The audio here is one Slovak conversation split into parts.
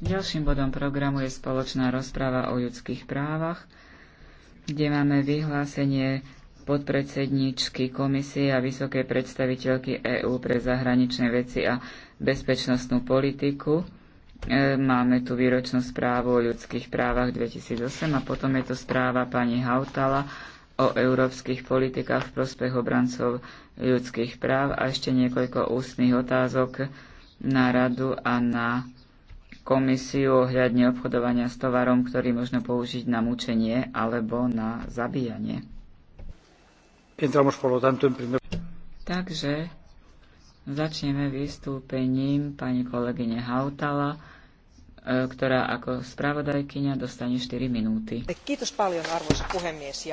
Ďalším bodom programu je spoločná rozpráva o ľudských právach, kde máme vyhlásenie podpredsedničky komisie a vysokej predstaviteľky EÚ pre zahraničné veci a bezpečnostnú politiku. E, máme tu výročnú správu o ľudských právach 2008 a potom je to správa pani Hautala o európskych politikách v prospech obrancov ľudských práv a ešte niekoľko ústnych otázok na radu a na komisiu ohľadne obchodovania s tovarom, ktorý možno použiť na mučenie alebo na zabíjanie. Takže začneme vystúpením pani kolegyne Hautala, e, ktorá ako spravodajkyňa dostane 4 minúty. Kiitos paljon, arvoisa puhemies.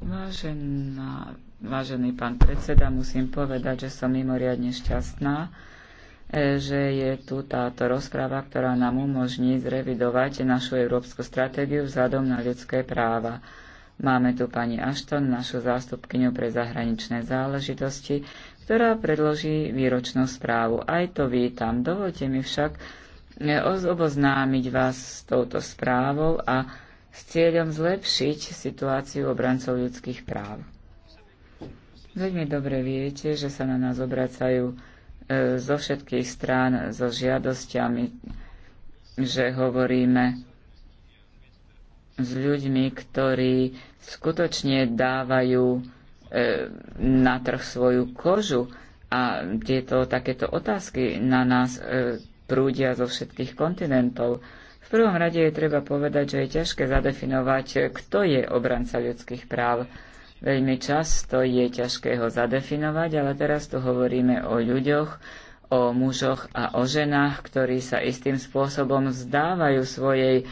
Vážená Vážený pán predseda, musím povedať, že som mimoriadne šťastná, e, že je tu táto rozpráva, ktorá nám umožní zrevidovať našu európsku stratégiu vzhľadom na ľudské práva. Máme tu pani Ashton, našu zástupkyňu pre zahraničné záležitosti, ktorá predloží výročnú správu. Aj to vítam. Dovolte mi však e, oboznámiť vás s touto správou a s cieľom zlepšiť situáciu obrancov ľudských práv. Veľmi dobre viete, že sa na nás obracajú e, zo všetkých strán so žiadosťami, že hovoríme s ľuďmi, ktorí skutočne dávajú e, na trh svoju kožu a tieto takéto otázky na nás e, prúdia zo všetkých kontinentov. V prvom rade je treba povedať, že je ťažké zadefinovať, kto je obranca ľudských práv Veľmi často je ťažké ho zadefinovať, ale teraz tu hovoríme o ľuďoch, o mužoch a o ženách, ktorí sa istým spôsobom vzdávajú svojej e,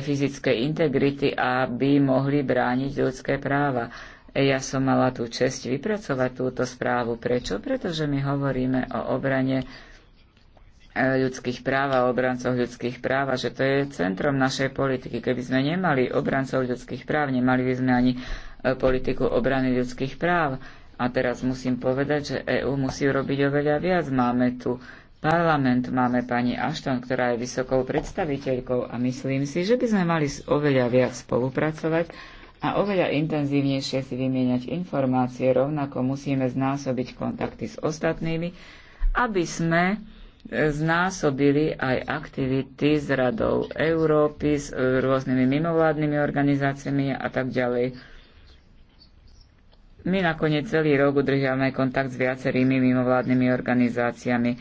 fyzickej integrity, aby mohli brániť ľudské práva. E, ja som mala tú čest vypracovať túto správu. Prečo? Pretože my hovoríme o obrane e, ľudských práv a obrancoch ľudských práv a že to je centrom našej politiky. Keby sme nemali obrancov ľudských práv, nemali by sme ani politiku obrany ľudských práv. A teraz musím povedať, že EÚ musí robiť oveľa viac. Máme tu parlament, máme pani Ashton, ktorá je vysokou predstaviteľkou a myslím si, že by sme mali oveľa viac spolupracovať a oveľa intenzívnejšie si vymieňať informácie. Rovnako musíme znásobiť kontakty s ostatnými, aby sme e, znásobili aj aktivity s Radou Európy, s e, rôznymi mimovládnymi organizáciami a tak ďalej. My nakoniec celý rok udržiavame kontakt s viacerými mimovládnymi organizáciami.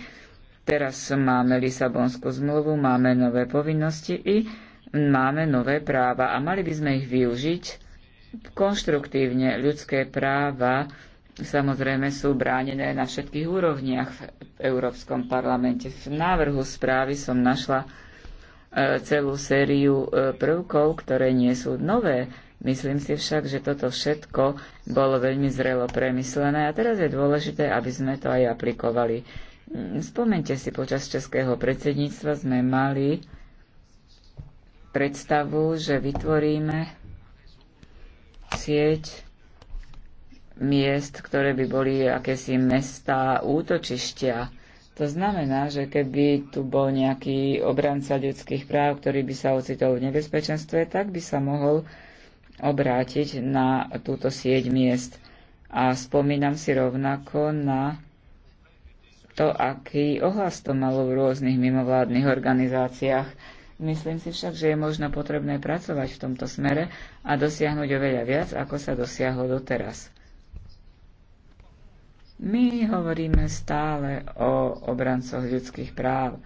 Teraz máme Lisabonskú zmluvu, máme nové povinnosti i máme nové práva a mali by sme ich využiť konštruktívne. Ľudské práva samozrejme sú bránené na všetkých úrovniach v Európskom parlamente. V návrhu správy som našla e, celú sériu e, prvkov, ktoré nie sú nové Myslím si však, že toto všetko bolo veľmi zrelo premyslené a teraz je dôležité, aby sme to aj aplikovali. Mm, spomente si, počas českého predsedníctva sme mali predstavu, že vytvoríme sieť miest, ktoré by boli akési mestá, útočištia. To znamená, že keby tu bol nejaký obranca ľudských práv, ktorý by sa ocitol v nebezpečenstve, tak by sa mohol obrátiť na túto sieť miest. A spomínam si rovnako na to, aký ohlas to malo v rôznych mimovládnych organizáciách. Myslím si však, že je možno potrebné pracovať v tomto smere a dosiahnuť oveľa viac, ako sa dosiahlo doteraz. My hovoríme stále o obrancoch ľudských práv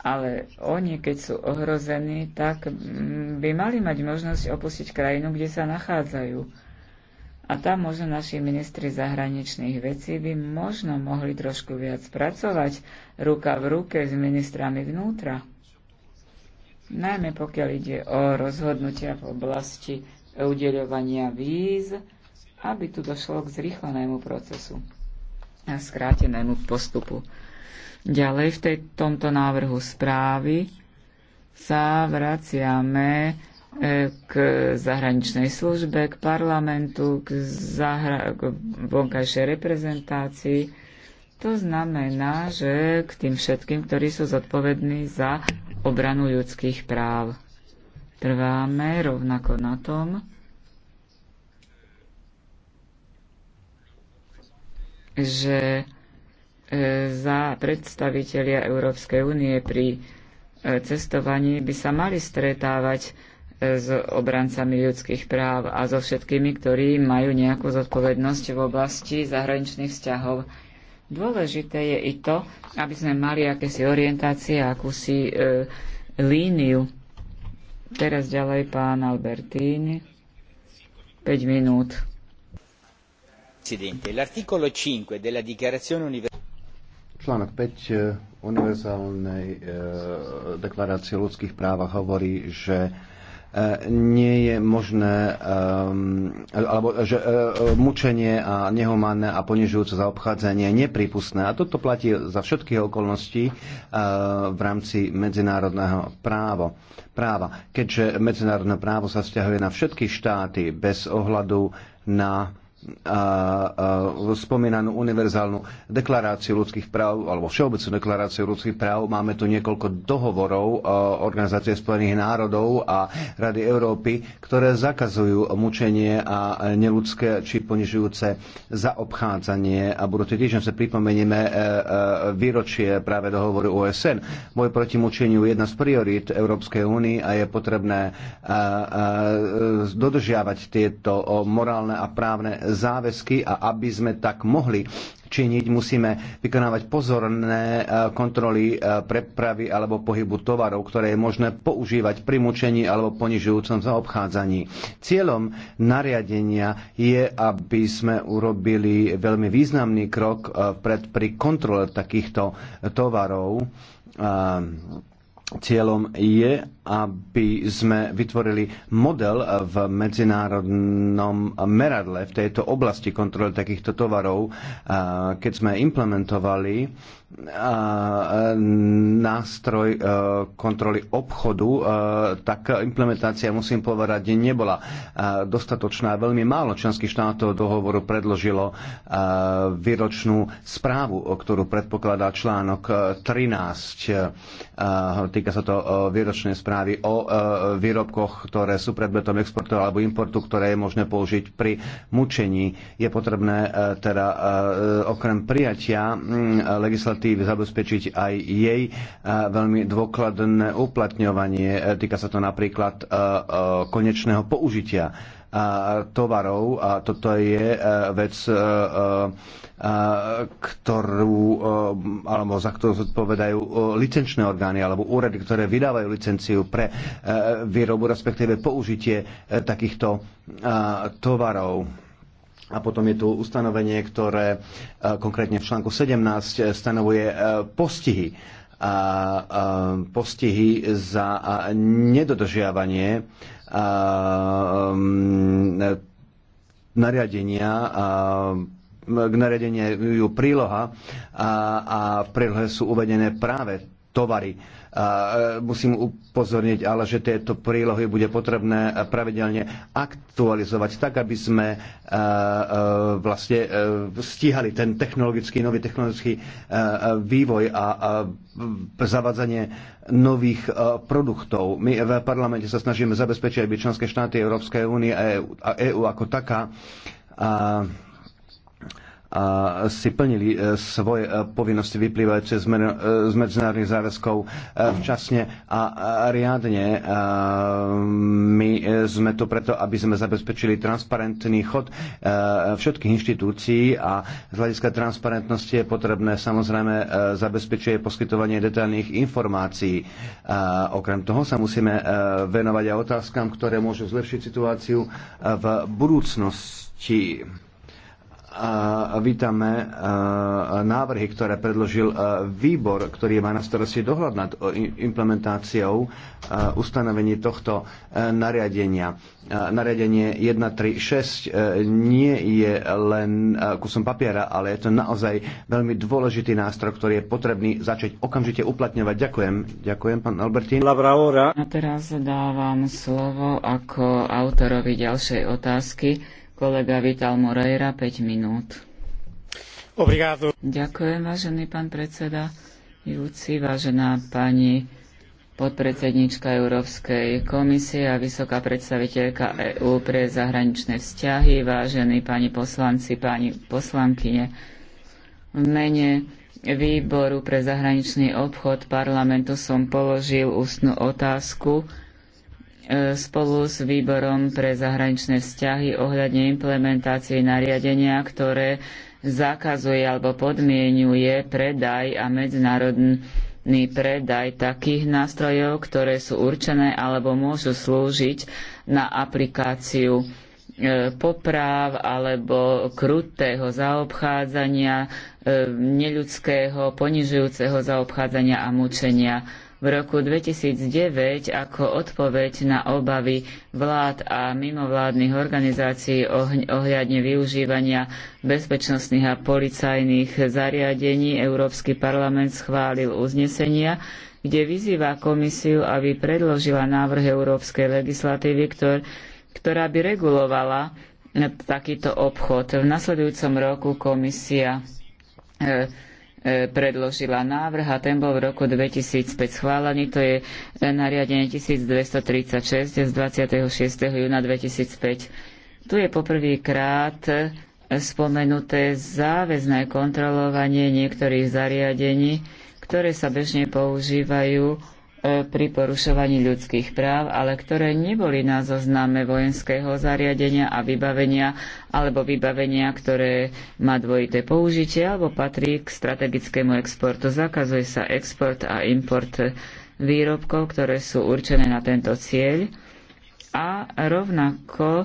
ale oni, keď sú ohrození, tak mm, by mali mať možnosť opustiť krajinu, kde sa nachádzajú. A tam možno naši ministri zahraničných vecí by možno mohli trošku viac pracovať ruka v ruke s ministrami vnútra. Najmä pokiaľ ide o rozhodnutia v oblasti udeľovania víz, aby tu došlo k zrýchlenému procesu a skrátenému postupu. Ďalej v tej, tomto návrhu správy sa vraciame e, k zahraničnej službe, k parlamentu, k, zahra- k vonkajšej reprezentácii. To znamená, že k tým všetkým, ktorí sú zodpovední za obranu ľudských práv. Trváme rovnako na tom, že za predstavitelia Európskej únie pri e, cestovaní by sa mali stretávať e, s obrancami ľudských práv a so všetkými, ktorí majú nejakú zodpovednosť v oblasti zahraničných vzťahov. Dôležité je i to, aby sme mali akési orientácie, akúsi e, líniu. Teraz ďalej pán Albertín. 5 minút. 5 Článok 5 e, Univerzálnej e, deklarácie o ľudských právach hovorí, že e, nie je možné, um, alebo že uh, mučenie a nehumánne a ponižujúce zaobchádzanie je nepripustné. A toto platí za všetky okolnosti uh, v rámci medzinárodného právo, práva. Keďže medzinárodné právo sa vzťahuje na všetky štáty bez ohľadu na a, a spomínanú univerzálnu deklaráciu ľudských práv alebo všeobecnú deklaráciu ľudských práv. Máme tu niekoľko dohovorov e, Organizácie spojených národov a Rady Európy, ktoré zakazujú mučenie a neludské či ponižujúce zaobchádzanie. A budúci týždeň sa pripomenieme e, e, výročie práve dohovoru OSN. Boj proti mučeniu je jedna z priorít Európskej únie a je potrebné dodržiavať tieto morálne a právne záväzky a aby sme tak mohli činiť, musíme vykonávať pozorné e, kontroly e, prepravy alebo pohybu tovarov, ktoré je možné používať pri mučení alebo ponižujúcom zaobchádzaní. Cieľom nariadenia je, aby sme urobili veľmi významný krok e, pred pri kontrole takýchto tovarov Cieľom je, aby sme vytvorili model v medzinárodnom meradle v tejto oblasti kontroly takýchto tovarov. Keď sme implementovali E, nástroj e, kontroly obchodu, e, tak implementácia, musím povedať, nebola dostatočná. Veľmi málo členských štátov dohovoru predložilo výročnú správu, ktorú predpokladá článok 13. Týka sa to výročnej správy o výrobkoch, ktoré sú predmetom exportu alebo importu, ktoré je možné použiť pri mučení. Je potrebné teda okrem prijatia mm, legislatívy alternatív zabezpečiť aj jej e, veľmi dôkladné uplatňovanie. E, týka sa to napríklad e, konečného použitia tovarov a toto je vec, ktorú, alebo za ktorú zodpovedajú licenčné orgány alebo úrady, ktoré vydávajú licenciu pre výrobu, respektíve použitie takýchto tovarov a potom je tu ustanovenie, ktoré e, konkrétne v článku 17 e, stanovuje e, postihy. A, postihy za nedodržiavanie a, nariadenia k nariadeniu príloha a, a v prílohe sú uvedené práve tovary a e, musím upozorniť ale, že tieto prílohy bude potrebné e, pravidelne aktualizovať tak, aby sme e, vlastne stíhali ten technologický, nový technologický vývoj a zavadzanie nových produktov. My v parlamente sa snažíme zabezpečiť, aby členské štáty Európskej únie a EÚ ako taká a si plnili e, svoje e, povinnosti vyplývajúce z e, medzinárodných záväzkov včasne a riadne. My sme tu preto, aby sme zabezpečili transparentný chod všetkých inštitúcií a z hľadiska transparentnosti je potrebné samozrejme zabezpečuje poskytovanie detailných informácií. Okrem toho sa musíme venovať aj otázkam, ktoré môžu zlepšiť situáciu v budúcnosti vítame návrhy, ktoré predložil výbor, ktorý má na starosti dohľad nad implementáciou ustanovení tohto e, nariadenia. Nariadenie 136 e, nie je len e, kusom papiera, ale je to naozaj veľmi dôležitý nástroj, ktorý je potrebný začať okamžite uplatňovať. Ďakujem. Ďakujem, pán Albertín. A teraz dávam slovo ako autorovi ďalšej otázky Kolega Vital Moreira, 5 minút. Obrigado. Ďakujem, vážený pán predseda Júci, vážená pani podpredsednička Európskej komisie a vysoká predstaviteľka EÚ pre zahraničné vzťahy, vážení pani poslanci, pani poslankyne. V mene Výboru pre zahraničný obchod parlamentu som položil ústnu otázku E, spolu s výborom pre zahraničné vzťahy ohľadne implementácie nariadenia, ktoré zakazuje alebo podmienuje predaj a medzinárodný predaj takých nástrojov, ktoré sú určené alebo môžu slúžiť na aplikáciu e, popráv alebo krutého zaobchádzania, e, neľudského, ponižujúceho zaobchádzania a mučenia v roku 2009 ako odpoveď na obavy vlád a mimovládnych organizácií ohľadne využívania bezpečnostných a policajných zariadení Európsky parlament schválil uznesenia, kde vyzýva komisiu, aby predložila návrh európskej legislatívy, ktor, ktorá by regulovala takýto obchod. V nasledujúcom roku komisia e, E, predložila návrh a ten bol v roku 2005 schválený. To je e, nariadenie 1236 z 26. júna 2005. Tu je poprvýkrát e, spomenuté záväzné kontrolovanie niektorých zariadení, ktoré sa bežne používajú E, pri porušovaní ľudských práv, ale ktoré neboli na zozname vojenského zariadenia a vybavenia alebo vybavenia, ktoré má dvojité použitie alebo patrí k strategickému exportu. Zakazuje sa export a import výrobkov, ktoré sú určené na tento cieľ a rovnako e,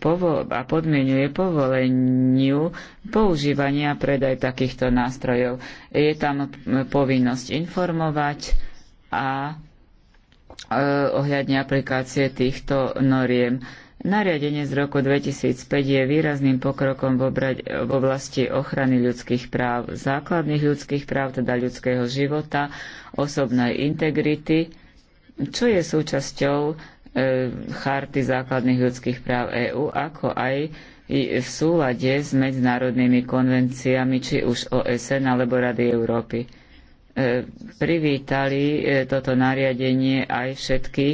povo- a podmienuje povoleniu používania a predaj takýchto nástrojov. Je tam povinnosť informovať a e, ohľadne aplikácie týchto noriem. Nariadenie z roku 2005 je výrazným pokrokom v oblasti ochrany ľudských práv, základných ľudských práv, teda ľudského života, osobnej integrity, čo je súčasťou E, charty základných ľudských práv EÚ, ako aj v súlade s medzinárodnými konvenciami, či už OSN alebo Rady Európy. E, privítali e, toto nariadenie aj všetky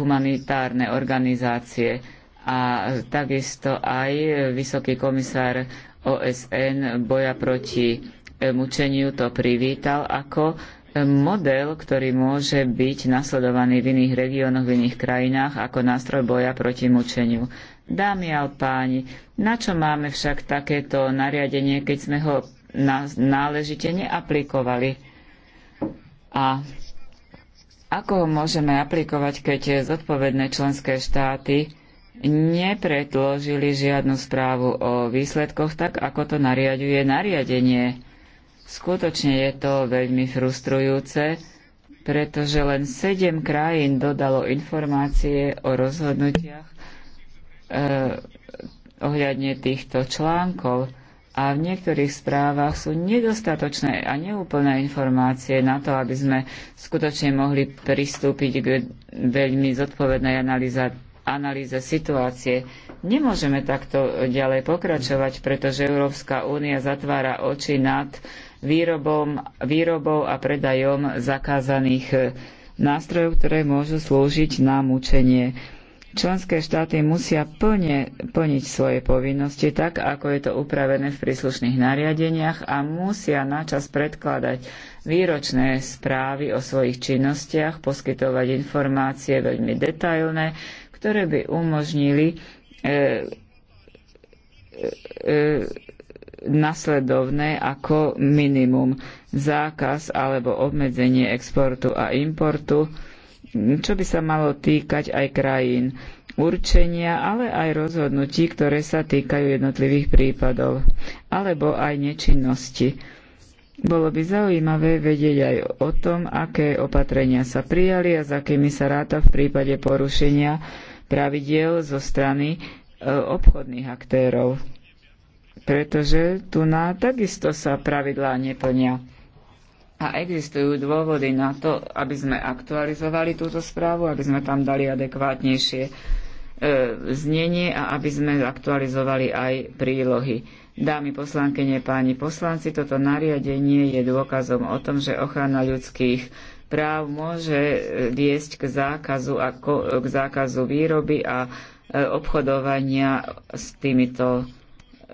humanitárne organizácie a takisto aj vysoký komisár OSN boja proti mučeniu to privítal ako model, ktorý môže byť nasledovaný v iných regiónoch, v iných krajinách ako nástroj boja proti mučeniu. Dámy a páni, na čo máme však takéto nariadenie, keď sme ho náležite neaplikovali? A ako ho môžeme aplikovať, keď zodpovedné členské štáty nepredložili žiadnu správu o výsledkoch, tak ako to nariaduje nariadenie? Skutočne je to veľmi frustrujúce, pretože len sedem krajín dodalo informácie o rozhodnutiach eh, ohľadne týchto článkov a v niektorých správach sú nedostatočné a neúplné informácie na to, aby sme skutočne mohli pristúpiť k veľmi zodpovednej analýze, analýze situácie. Nemôžeme takto ďalej pokračovať, pretože Európska únia zatvára oči nad výrobom, výrobou a predajom zakázaných eh, nástrojov, ktoré môžu slúžiť na mučenie. Členské štáty musia plne plniť svoje povinnosti tak, ako je to upravené v príslušných nariadeniach a musia načas predkladať výročné správy o svojich činnostiach, poskytovať informácie veľmi detailné, ktoré by umožnili e, e, e, nasledovné ako minimum. Zákaz alebo obmedzenie exportu a importu, čo by sa malo týkať aj krajín určenia, ale aj rozhodnutí, ktoré sa týkajú jednotlivých prípadov, alebo aj nečinnosti. Bolo by zaujímavé vedieť aj o tom, aké opatrenia sa prijali a za akými sa ráta v prípade porušenia pravidiel zo strany e, obchodných aktérov pretože tu na takisto sa pravidlá neplnia. A existujú dôvody na to, aby sme aktualizovali túto správu, aby sme tam dali adekvátnejšie e, znenie a aby sme aktualizovali aj prílohy. Dámy poslankyne, páni poslanci, toto nariadenie je dôkazom o tom, že ochrana ľudských práv môže e, viesť k zákazu, a ko, k zákazu výroby a e, obchodovania s týmito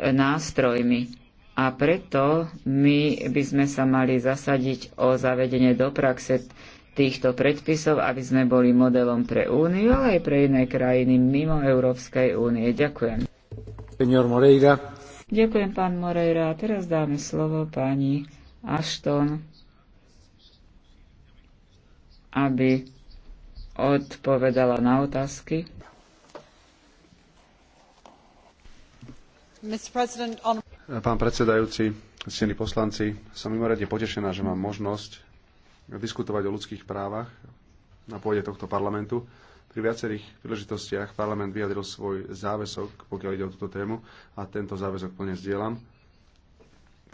nástrojmi. A preto my by sme sa mali zasadiť o zavedenie do praxe týchto predpisov, aby sme boli modelom pre Úniu, ale aj pre iné krajiny mimo Európskej únie. Ďakujem. Senior Moreira. Ďakujem, pán Moreira. A teraz dáme slovo pani Ashton, aby odpovedala na otázky. Pán predsedajúci, ctení poslanci, som mimoriadne potešená, že mám možnosť diskutovať o ľudských právach na pôde tohto parlamentu. Pri viacerých príležitostiach parlament vyjadril svoj záväzok, pokiaľ ide o túto tému, a tento záväzok plne zdieľam.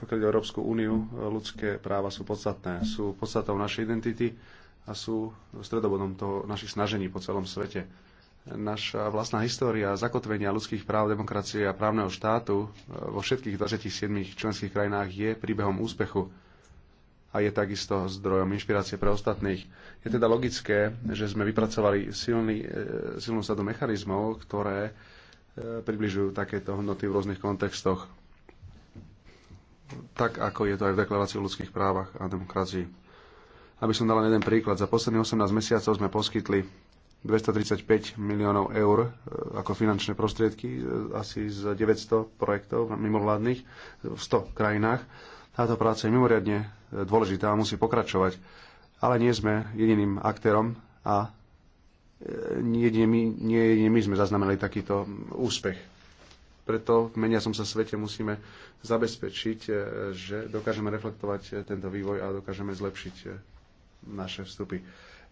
Pokiaľ ide o Európsku úniu, ľudské práva sú podstatné. Sú podstatou našej identity a sú stredobodom toho našich snažení po celom svete naša vlastná história zakotvenia ľudských práv, demokracie a právneho štátu e, vo všetkých 27 členských krajinách je príbehom úspechu a je takisto zdrojom inšpirácie pre ostatných. Je teda logické, že sme vypracovali silný, e, silnú sadu mechanizmov, ktoré e, približujú takéto hodnoty v rôznych kontextoch. Tak, ako je to aj v deklarácii o ľudských právach a demokracii. Aby som dal jeden príklad, za posledných 18 mesiacov sme poskytli 235 miliónov eur e, ako finančné prostriedky, e, asi z 900 projektov mimovládnych v 100 krajinách. Táto práca je mimoriadne e, dôležitá a musí pokračovať. Ale nie sme jediným aktérom a nie jedine my, my sme zaznamenali takýto úspech. Preto v meniacom sa svete musíme zabezpečiť, že dokážeme reflektovať tento vývoj a dokážeme zlepšiť naše vstupy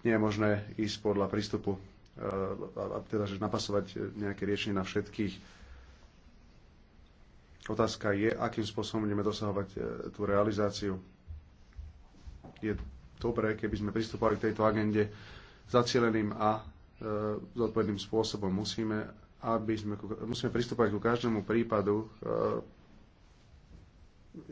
nie je možné ísť podľa prístupu e, a teda, že napasovať nejaké riešenie na všetkých. Otázka je, akým spôsobom budeme dosahovať e, tú realizáciu. Je dobré, keby sme pristupovali k tejto agende zacieleným a e, zodpovedným spôsobom. Musíme, aby sme, musíme pristupovať ku každému prípadu e,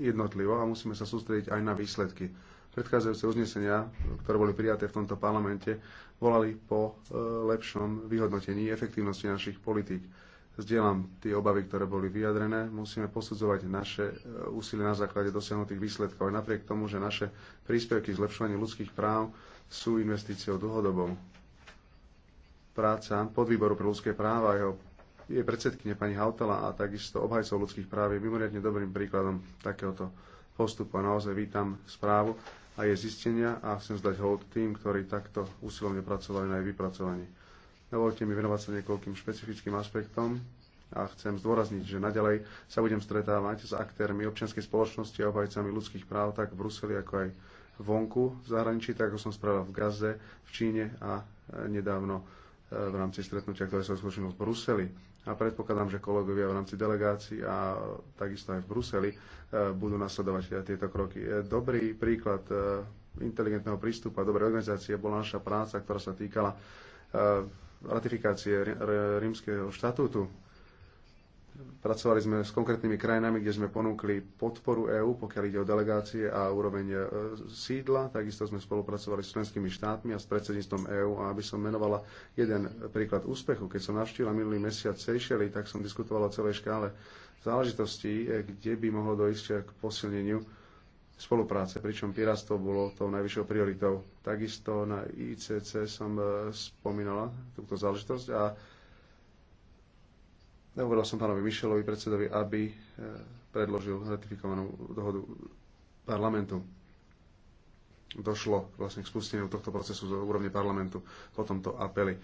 jednotlivo a musíme sa sústrediť aj na výsledky. Predchádzajúce uznesenia, ktoré boli prijaté v tomto parlamente, volali po e, lepšom vyhodnotení efektívnosti našich politík. Zdieľam tie obavy, ktoré boli vyjadrené. Musíme posudzovať naše e, úsilie na základe dosiahnutých výsledkov. Aj napriek tomu, že naše príspevky k ľudských práv sú investíciou dlhodobou. Práca podvýboru pre ľudské práva a jeho je predsedkyne pani Hautala a takisto obhajcov ľudských práv je mimoriadne dobrým príkladom takéhoto postupu. A naozaj vítam správu a je zistenia a chcem zdať hold tým, ktorí takto úsilovne pracovali na jej vypracovaní. Dovolte mi venovať sa niekoľkým špecifickým aspektom a chcem zdôrazniť, že naďalej sa budem stretávať s aktérmi občianskej spoločnosti a obhajcami ľudských práv tak v Bruseli, ako aj vonku v zahraničí, tak ako som spravil v Gaze, v Číne a e, nedávno e, v rámci stretnutia, ktoré sa uskutočnilo v Bruseli a predpokladám, že kolegovia v rámci delegácií a takisto aj v Bruseli e, budú nasledovať e, tieto kroky. E, dobrý príklad inteligentného prístupu a dobrej organizácie bola naša práca, ktorá sa týkala ratifikácie rímskeho štatútu Pracovali sme s konkrétnymi krajinami, kde sme ponúkli podporu EÚ, pokiaľ ide o delegácie a úroveň e, sídla. Takisto sme spolupracovali s členskými štátmi a s predsedníctvom EÚ. A aby som menovala jeden príklad úspechu, keď som navštívila minulý mesiac Seychelles, tak som diskutovala o celej škále záležitostí, e, kde by mohlo dojsť k posilneniu spolupráce, pričom piráctvo bolo tou najvyššou prioritou. Takisto na ICC som e, spomínala túto záležitosť a Hovoril som pánovi Mišelovi, predsedovi, aby e, predložil ratifikovanú dohodu parlamentu. Došlo vlastne k spusteniu tohto procesu z úrovne parlamentu po tomto apeli.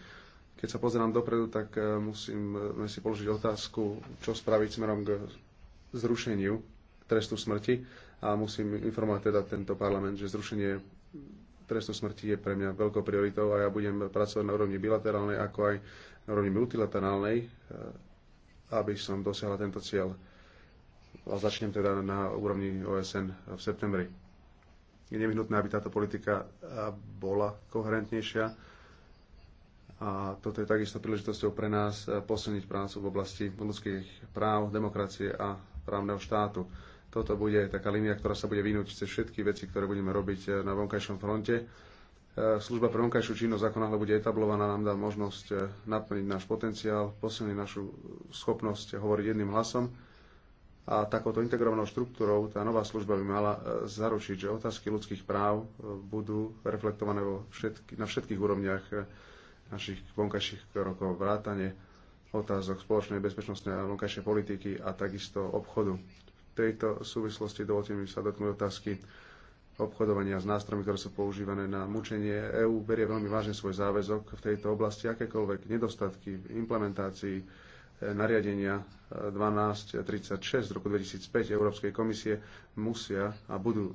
Keď sa pozerám dopredu, tak e, musíme si položiť otázku, čo spraviť smerom k zrušeniu trestu smrti a musím informovať teda tento parlament, že zrušenie trestu smrti je pre mňa veľkou prioritou a ja budem pracovať na úrovni bilaterálnej ako aj na úrovni multilaterálnej e, aby som dosiahla tento cieľ. A začnem teda na úrovni OSN v septembri. Je nevyhnutné, aby táto politika bola koherentnejšia a toto je takisto príležitosťou pre nás posilniť prácu v oblasti ľudských práv, demokracie a právneho štátu. Toto bude taká línia, ktorá sa bude vynúť cez všetky veci, ktoré budeme robiť na vonkajšom fronte E, služba pre vonkajšiu činnosť, ako náhle bude etablovaná, nám dá možnosť e, naplniť náš potenciál, posilniť našu schopnosť hovoriť jedným hlasom. A takouto integrovanou štruktúrou tá nová služba by mala e, zaručiť, že otázky ľudských práv budú reflektované vo všetky, na všetkých úrovniach našich vonkajších krokov, vrátane otázok spoločnej bezpečnostnej a vonkajšej politiky a takisto obchodu. V tejto súvislosti dovolte mi sa dotknúť otázky obchodovania s nástrojmi, ktoré sú používané na mučenie. EÚ berie veľmi vážne svoj záväzok v tejto oblasti. Akékoľvek nedostatky v implementácii nariadenia 1236 eh, z roku 2005 Európskej komisie musia, a budú,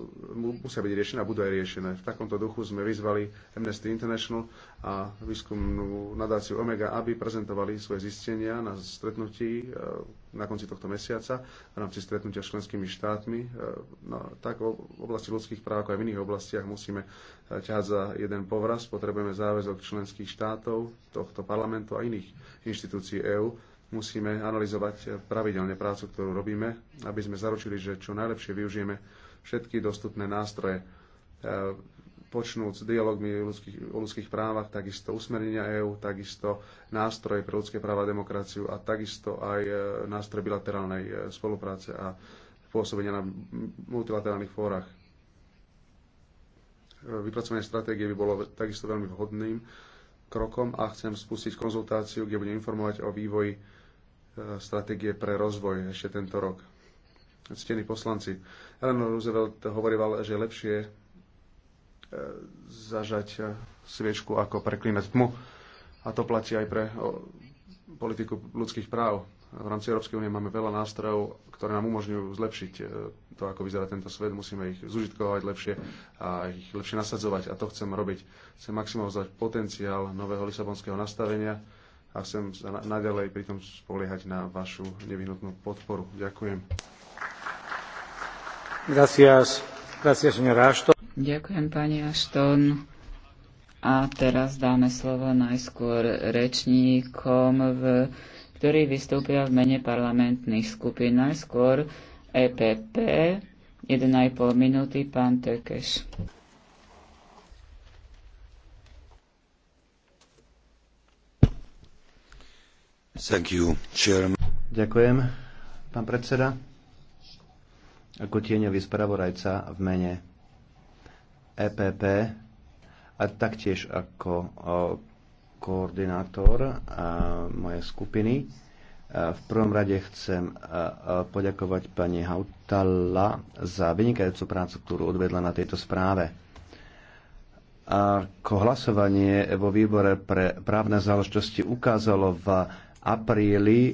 musia byť riešené a budú aj riešené. V takomto duchu sme vyzvali Amnesty International a výskumnú nadáciu Omega, aby prezentovali svoje zistenia na stretnutí eh, na konci tohto mesiaca v rámci stretnutia s členskými štátmi. Eh, no, tak v oblasti ľudských práv, ako aj v iných oblastiach musíme ťahať za jeden povraz. Potrebujeme záväzok členských štátov, tohto parlamentu a iných inštitúcií EÚ musíme analyzovať pravidelne prácu, ktorú robíme, aby sme zaručili, že čo najlepšie využijeme všetky dostupné nástroje, e, počnúc dialogmi o ľudských, o ľudských právach, takisto usmernenia EÚ, takisto nástroje pre ľudské práva a demokraciu a takisto aj e, nástroje bilaterálnej e, spolupráce a pôsobenia na multilaterálnych fórach. Vypracovanie stratégie by bolo takisto veľmi vhodným krokom a chcem spustiť konzultáciu, kde budem informovať o vývoji stratégie pre rozvoj ešte tento rok. Ctení poslanci, Eleanor Roosevelt hovoril, že je lepšie e, zažať e, sviečku ako preklínať tmu. A to platí aj pre politiku ľudských práv. V rámci Európskej únie máme veľa nástrojov, ktoré nám umožňujú zlepšiť e, to, ako vyzerá tento svet. Musíme ich zužitkovať lepšie a ich lepšie nasadzovať. A to chcem robiť. Chcem maximalizovať potenciál nového lisabonského nastavenia, a chcem sa naďalej pritom spoliehať na vašu nevyhnutnú podporu. Ďakujem. Gracias. Gracias, señora Ashton. Ďakujem, pani Ashton. A teraz dáme slovo najskôr rečníkom, v, ktorí vystúpia v mene parlamentných skupín. Najskôr EPP, 1,5 minúty, pán Tekeš. You, Ďakujem, pán predseda. Ako tieňový spravodajca v mene EPP a taktiež ako koordinátor mojej skupiny v prvom rade chcem poďakovať pani Hautala za vynikajúcu prácu, ktorú odvedla na tejto správe. Ako hlasovanie vo výbore pre právne záležitosti ukázalo v apríli e,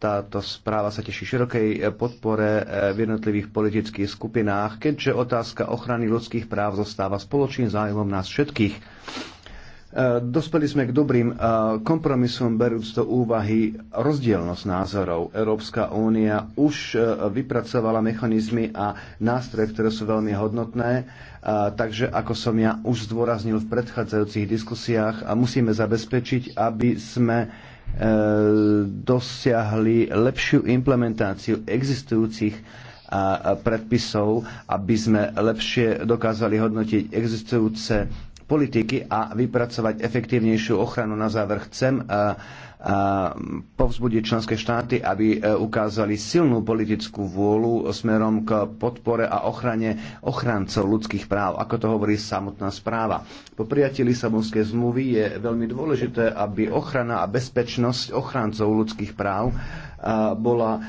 táto správa sa teší širokej e, podpore e, v jednotlivých politických skupinách, keďže otázka ochrany ľudských práv zostáva spoločným zájmom nás všetkých. Dospeli sme k dobrým kompromisom, berúc do úvahy rozdielnosť názorov. Európska únia už vypracovala mechanizmy a nástroje, ktoré sú veľmi hodnotné, takže ako som ja už zdôraznil v predchádzajúcich diskusiách, musíme zabezpečiť, aby sme E, dosiahli lepšiu implementáciu existujúcich a predpisov, aby sme lepšie dokázali hodnotiť existujúce politiky a vypracovať efektívnejšiu ochranu. Na záver chcem e, povzbudiť členské štáty, aby e, ukázali silnú politickú vôľu smerom k podpore a ochrane ochrancov ľudských práv, ako to hovorí samotná správa. Po prijatí Lisabonskej zmluvy je veľmi dôležité, aby ochrana a bezpečnosť ochrancov ľudských práv bola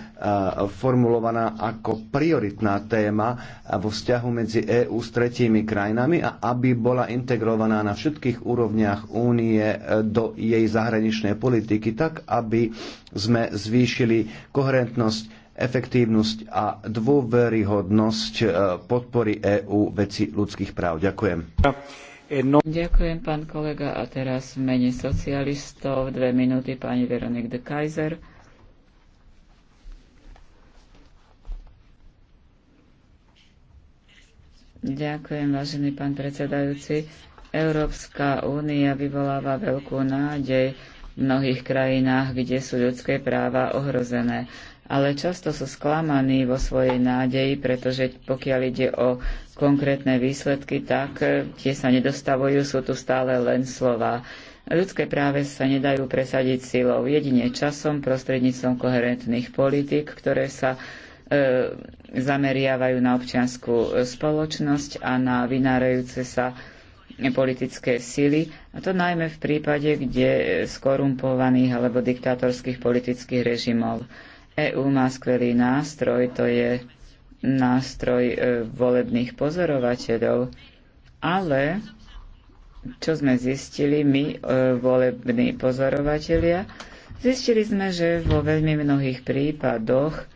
formulovaná ako prioritná téma vo vzťahu medzi EÚ s tretími krajinami a aby bola integrovaná na všetkých úrovniach únie e, do jej zahraničnej politiky, tak aby sme zvýšili koherentnosť efektívnosť a dôveryhodnosť e, podpory EÚ veci ľudských práv. Ďakujem. Ďakujem, pán kolega. A teraz v mene socialistov dve minúty pani Veronik de Kaiser. Ďakujem, vážený pán predsedajúci. Európska únia vyvoláva veľkú nádej v mnohých krajinách, kde sú ľudské práva ohrozené. Ale často sú sklamaní vo svojej nádeji, pretože pokiaľ ide o konkrétne výsledky, tak eh, tie sa nedostavujú, sú tu stále len slova. Ľudské práve sa nedajú presadiť silou, jedine časom, prostredníctvom koherentných politik, ktoré sa E, zameriavajú na občianskú spoločnosť a na vynárajúce sa politické sily, a to najmä v prípade, kde skorumpovaných alebo diktátorských politických režimov. EÚ má skvelý nástroj, to je nástroj e, volebných pozorovateľov, ale čo sme zistili my, e, volební pozorovatelia, zistili sme, že vo veľmi mnohých prípadoch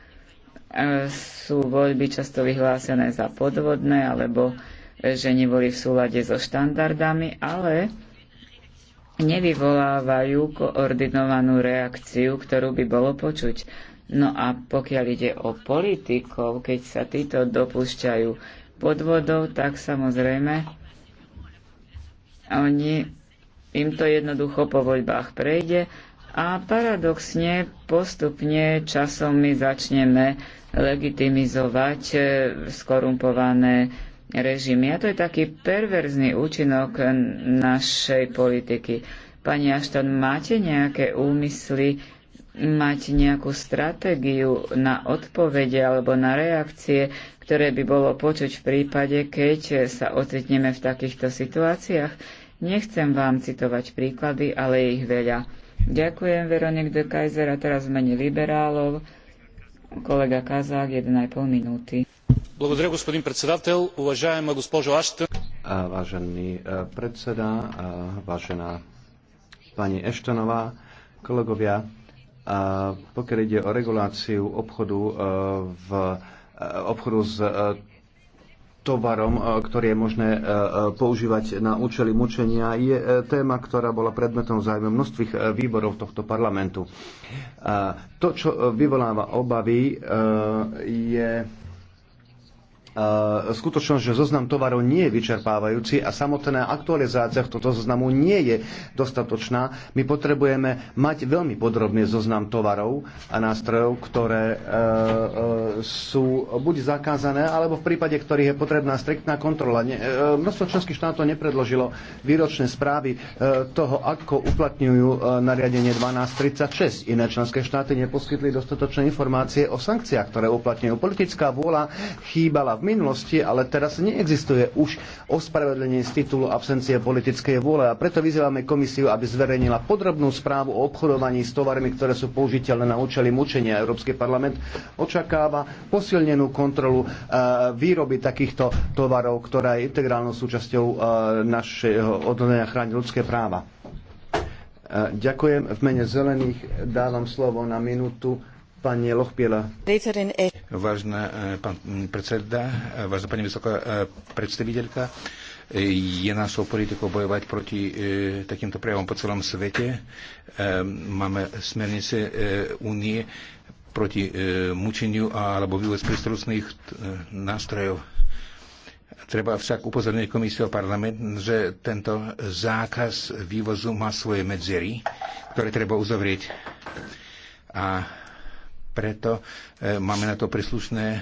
sú voľby často vyhlásené za podvodné alebo e, že neboli v súlade so štandardami, ale nevyvolávajú koordinovanú reakciu, ktorú by bolo počuť. No a pokiaľ ide o politikov, keď sa títo dopúšťajú podvodov, tak samozrejme oni, im to jednoducho po voľbách prejde a paradoxne postupne časom my začneme legitimizovať e, skorumpované režimy. A to je taký perverzný účinok našej politiky. Pani Ašton, máte nejaké úmysly, mať nejakú stratégiu na odpovede alebo na reakcie, ktoré by bolo počuť v prípade, keď sa ocitneme v takýchto situáciách? Nechcem vám citovať príklady, ale je ich veľa. Ďakujem Veronik de Kaiser a teraz meni liberálov Kolega Kazák, 1,5 minúty. Благодаря, господин председател. Уважаема госпожо Аштън. Vážený predseda, vážená pani Eštonová, kolegovia, pokiaľ ide o reguláciu obchodu v obchodu s tovarom, e, ktorý je možné e, e, používať na účely mučenia, je téma, ktorá bola predmetom zájmu množstvých výborov tohto parlamentu. To, čo vyvoláva obavy, je skutočnosť, že zoznam tovarov nie je vyčerpávajúci a samotná aktualizácia tohto zoznamu nie je dostatočná. My potrebujeme mať veľmi podrobný zoznam tovarov a nástrojov, ktoré e, e, sú buď zakázané, alebo v prípade ktorých je potrebná striktná kontrola. E, množstvo členských štátov nepredložilo výročné správy toho, ako uplatňujú nariadenie 1236. Iné členské štáty neposkytli dostatočné informácie o sankciách, ktoré uplatňujú. Politická vôľa chýbala v minulosti, ale teraz neexistuje už ospravedlenie z titulu absencie politickej vôle a preto vyzývame komisiu, aby zverejnila podrobnú správu o obchodovaní s tovarmi, ktoré sú použiteľné na účely mučenia. Európsky parlament očakáva posilnenú kontrolu e, výroby takýchto tovarov, ktorá je integrálnou súčasťou e, našeho odhodlania chrániť ľudské práva. E, ďakujem. V mene zelených dávam slovo na minútu pani Lochpiela. Vážna e, pán predseda, e, vážna pani vysoká e, predstaviteľka, je našou politikou bojovať proti e, takýmto prejavom po celom svete. E, máme smernice e, proti e, mučeniu alebo vývoz prístrusných e, nástrojov. Treba však upozorniť komisiu a parlament, že tento zákaz vývozu má svoje medzery, ktoré treba uzavrieť. A preto e, máme na to príslušné e,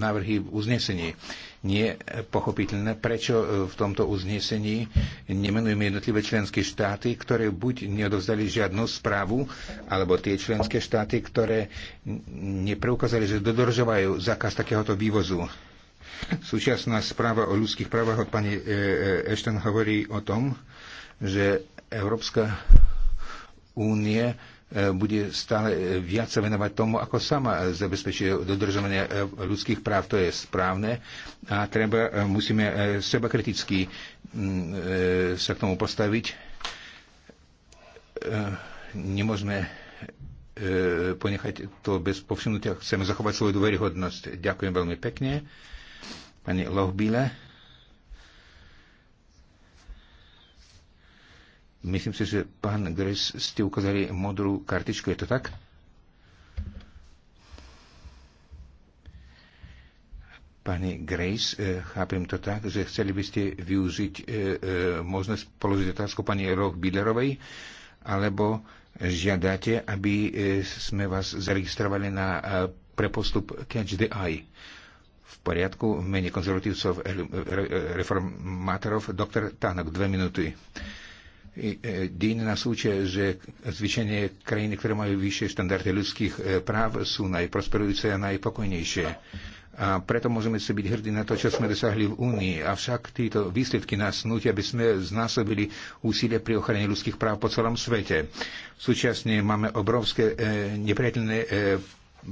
návrhy v uznesení. Nie pochopiteľné, prečo e, v tomto uznesení nemenujeme jednotlivé členské štáty, ktoré buď neodovzdali žiadnu správu, alebo tie členské štáty, ktoré nepreukázali, že dodržovajú zákaz takéhoto vývozu. Súčasná správa o ľudských právach od pani Ešten hovorí o tom, že Európska únie E, bude stále e, viac sa venovať tomu, ako sama zabezpečuje dodržovanie e, ľudských práv. To je správne a treba, musíme seba kriticky sa k tomu postaviť. Nemôžeme ponechať to bez povšimnutia. Chceme zachovať svoju dôveryhodnosť. Ďakujem veľmi pekne. Pani Lohbile. Myslím si, že pán Gris ste ukázali modrú kartičku, je to tak? Pani Grace, eh, chápem to tak, že chceli by ste využiť e, e, možnosť položiť otázku pani Roch Bidlerovej, alebo žiadate, aby sme vás zaregistrovali na prepostup Catch the Eye. V poriadku, v mene konzervatívcov reformátorov, doktor Tánok, dve minúty. E, deň nás učia, že zvyčajne krajiny, ktoré majú vyššie štandardy ľudských e, práv, sú najprosperujúce a najpokojnejšie. A preto môžeme si byť hrdí na to, čo sme dosahli v Únii. Avšak títo výsledky nás nutia, aby sme znásobili úsilie pri ochrane ľudských práv po celom svete. Súčasne máme obrovské e, nepriateľné e,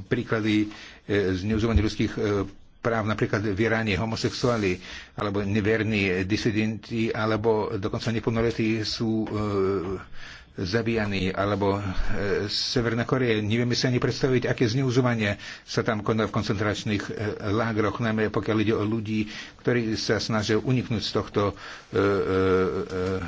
príklady e, zneužívania ľudských e, práv, napríklad v Iráne homosexuáli alebo neverní disidenti alebo dokonca neplnoletí sú e, zabíjani, alebo e, Severná Korea. Nevieme si ani predstaviť, aké zneuzovanie sa tam koná v koncentračných e, lágroch, najmä pokiaľ ide o ľudí, ktorí sa snažia uniknúť z tohto e, e, e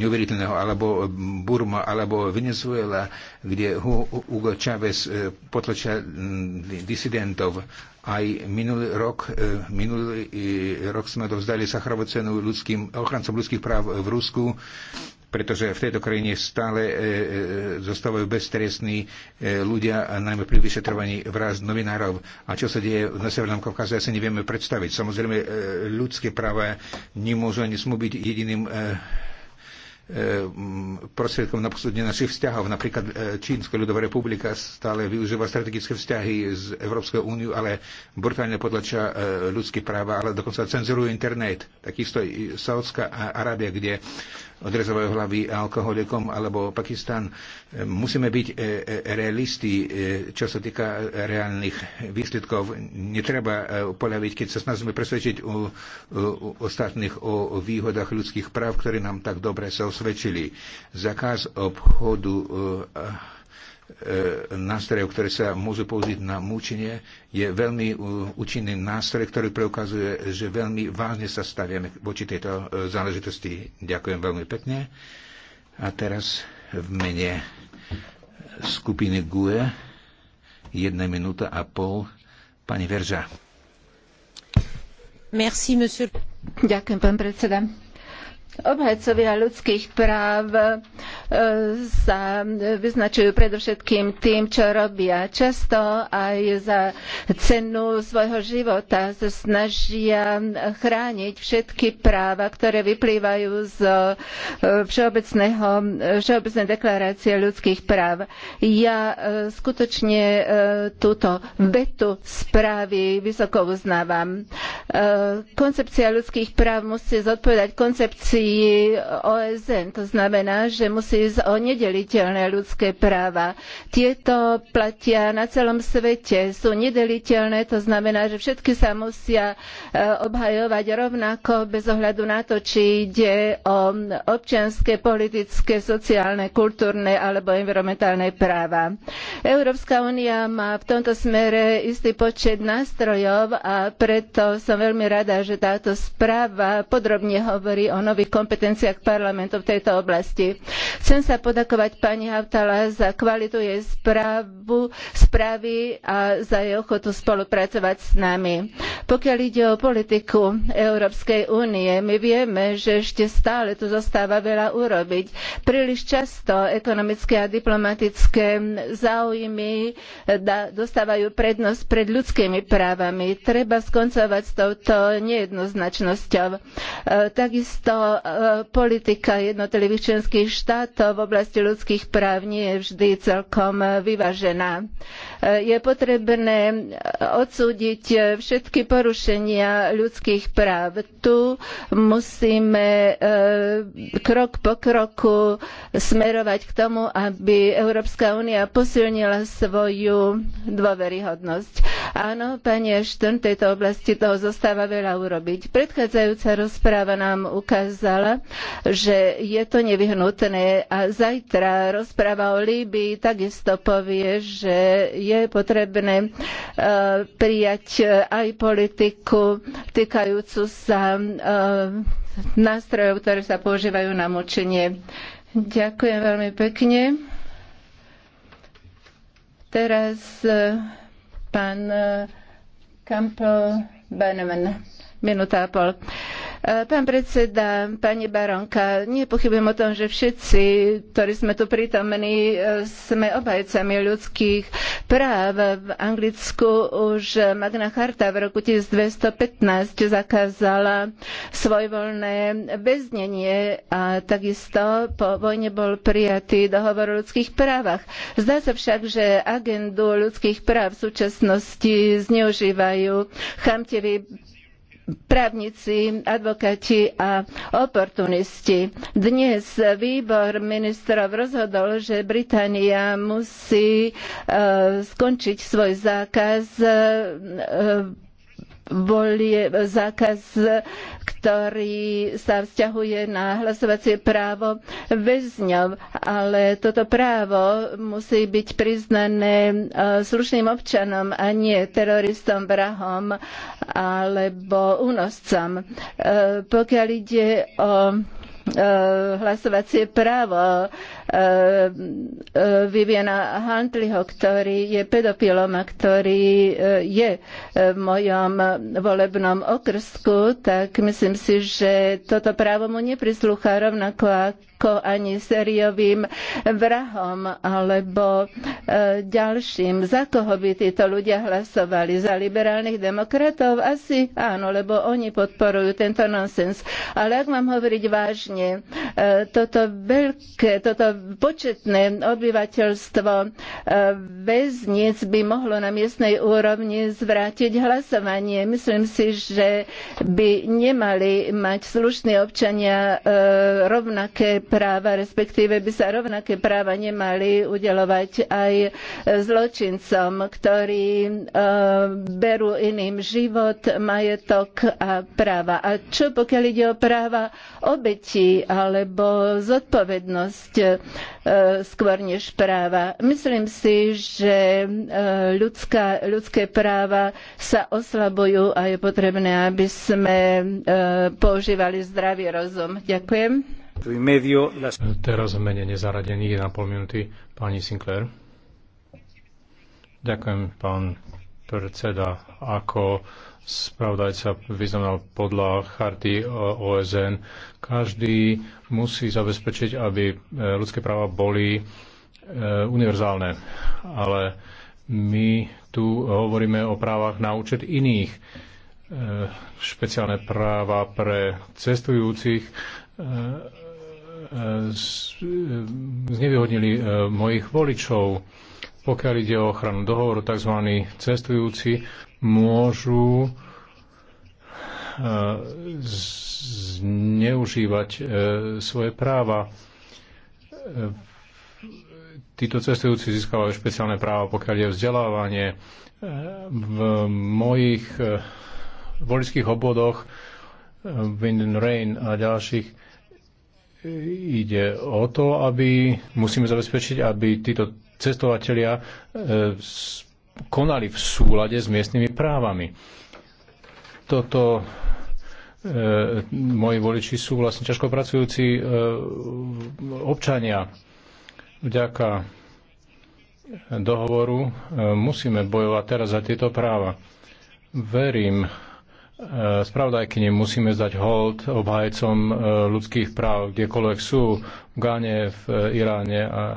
neuveriteľného, alebo Burma, alebo Venezuela, kde Hugo Chávez e, potlačia mm, disidentov. Aj minulý rok, e, minulý e, rok sme dovzdali Sacharovú cenu ľudským, ochrancom ľudských práv v Rusku, pretože v tejto krajine stále e, zostávajú beztrestní e, ľudia, a najmä pri vyšetrovaní vraz novinárov. A čo sa deje na Severnom Kavkaze, asi nevieme predstaviť. Samozrejme, e, ľudské práva nemôžu ani smú byť jediným e, E, prostriedkom na posúdenie našich vzťahov. Napríklad e, Čínska ľudová republika stále využíva strategické vzťahy z Európskej úniu, ale brutálne podlačia e, ľudské práva, ale dokonca cenzuruje internet. Takisto i Saudská Arábia, kde odrezovajú hlavy alkoholikom alebo Pakistan. Musíme byť e, e, realisti, e, čo sa týka reálnych výsledkov. Netreba poľaviť, keď sa snažíme presvedčiť o, ostatných o výhodách ľudských práv, ktoré nám tak dobre sa osvedčili. Zakaz obchodu E, nástrojov, ktoré sa môžu použiť na múčenie, je veľmi e, účinný nástroj, ktorý preukazuje, že veľmi vážne sa staviame voči tejto e, záležitosti. Ďakujem veľmi pekne. A teraz v mene skupiny GUE jedna minúta a pol pani Verža. Merci, monsieur. Ďakujem, pán predseda. Obhajcovia ľudských práv sa vyznačujú predovšetkým tým, čo robia. Často aj za cenu svojho života sa snažia chrániť všetky práva, ktoré vyplývajú z e, Všeobecného, Všeobecnej deklarácie ľudských práv. Ja e, skutočne e, túto vetu správy vysoko uznávam. Koncepcia ľudských práv musí zodpovedať koncepcii OSN. To znamená, že musí hovorí o nedeliteľné ľudské práva. Tieto platia na celom svete, sú nedeliteľné, to znamená, že všetky sa musia e, obhajovať rovnako bez ohľadu na to, či ide o občianske, politické, sociálne, kultúrne alebo environmentálne práva. Európska únia má v tomto smere istý počet nástrojov a preto som veľmi rada, že táto správa podrobne hovorí o nových kompetenciách parlamentu v tejto oblasti. Chcem sa podakovať pani Hautala za kvalitu jej správu, správy a za jej ochotu spolupracovať s nami. Pokiaľ ide o politiku Európskej únie, my vieme, že ešte stále tu zostáva veľa urobiť. Príliš často ekonomické a diplomatické záujmy dostávajú prednosť pred ľudskými právami. Treba skoncovať s touto nejednoznačnosťou. E, takisto e, politika jednotlivých členských štátov to v oblasti ľudských práv nie je vždy celkom vyvážená. Eh, je potrebné eh, odsúdiť eh, všetky porušenia ľudských práv. Tu musíme krok po kroku smerovať k tomu, aby Európska únia posilnila svoju dôveryhodnosť. Áno, pani Ashton, v tejto oblasti toho zostáva veľa urobiť. Predchádzajúca rozpráva nám ukázala, že je to nevyhnutné a zajtra rozpráva o Líbii takisto povie, že je je potrebné e, prijať e, aj politiku týkajúcu sa e, nástrojov, ktoré sa používajú na mučenie. Ďakujem veľmi pekne. Teraz pán Campbell Bannerman, minúta a pol. E, pán predseda, pani Baronka, nepochybujem o tom, že všetci, ktorí sme tu prítomní, e, sme obhajcami ľudských práv. V Anglicku už Magna Charta v roku 1215 zakázala svojvoľné väznenie a takisto po vojne bol prijatý dohovor o ľudských právach. Zdá sa však, že agendu ľudských práv v súčasnosti zneužívajú chamtiví právnici, advokáti a oportunisti. Dnes výbor ministrov rozhodol, že Británia musí eh, skončiť svoj zákaz eh, volie, zákaz, ktorý sa vzťahuje na hlasovacie právo väzňov. Ale toto právo musí byť priznané e, slušným občanom a nie teroristom, vrahom alebo únoscom. E, pokiaľ ide o e, hlasovacie právo, Eh, eh, Viviana Huntleyho, ktorý je pedofilom a ktorý eh, je v mojom volebnom okrsku, tak myslím si, že toto právo mu neprislúcha rovnako ako ani sériovým vrahom alebo ďalším. Za koho by títo ľudia hlasovali? Za liberálnych demokratov? Asi áno, lebo oni podporujú tento nonsens. Ale ak mám hovoriť vážne, toto veľké, toto početné obyvateľstvo väznic e, by mohlo na miestnej úrovni zvrátiť hlasovanie. Myslím si, že by nemali mať slušní občania e, rovnaké práva, respektíve by sa rovnaké práva nemali udelovať aj zločincom, ktorí e, berú iným život, majetok a práva. A čo pokiaľ ide o práva obetí alebo zodpovednosť? E, skôr než práva. Myslím si, že e, ľudská, ľudské práva sa oslabujú a je potrebné, aby sme e, používali zdravý rozum. Ďakujem. Teraz v mene nezaradených 1,5 minúty pani Sinclair. Ďakujem, pán predseda. Ako spravodajca vyznamenal podľa charty OSN. Každý musí zabezpečiť, aby e, ľudské práva boli e, univerzálne. Ale my tu hovoríme o právach na účet iných. E, špeciálne práva pre cestujúcich znevýhodnili mojich voličov. Pokiaľ ide o ochranu dohovoru, tzv. cestujúci môžu eh, zneužívať eh, svoje práva. Eh, títo cestujúci získavajú špeciálne práva, pokiaľ je vzdelávanie. V mojich voličských obvodoch and Rain a ďalších ide o to, aby musíme zabezpečiť, aby títo cestovatelia konali v súlade s miestnymi právami. Toto e, moji voliči sú vlastne ťažko pracujúci e, občania. Vďaka dohovoru e, musíme bojovať teraz za tieto práva. Verím, e, musíme zdať hold obhajcom e, ľudských práv, kdekoľvek sú, v Gáne, v Iráne a e,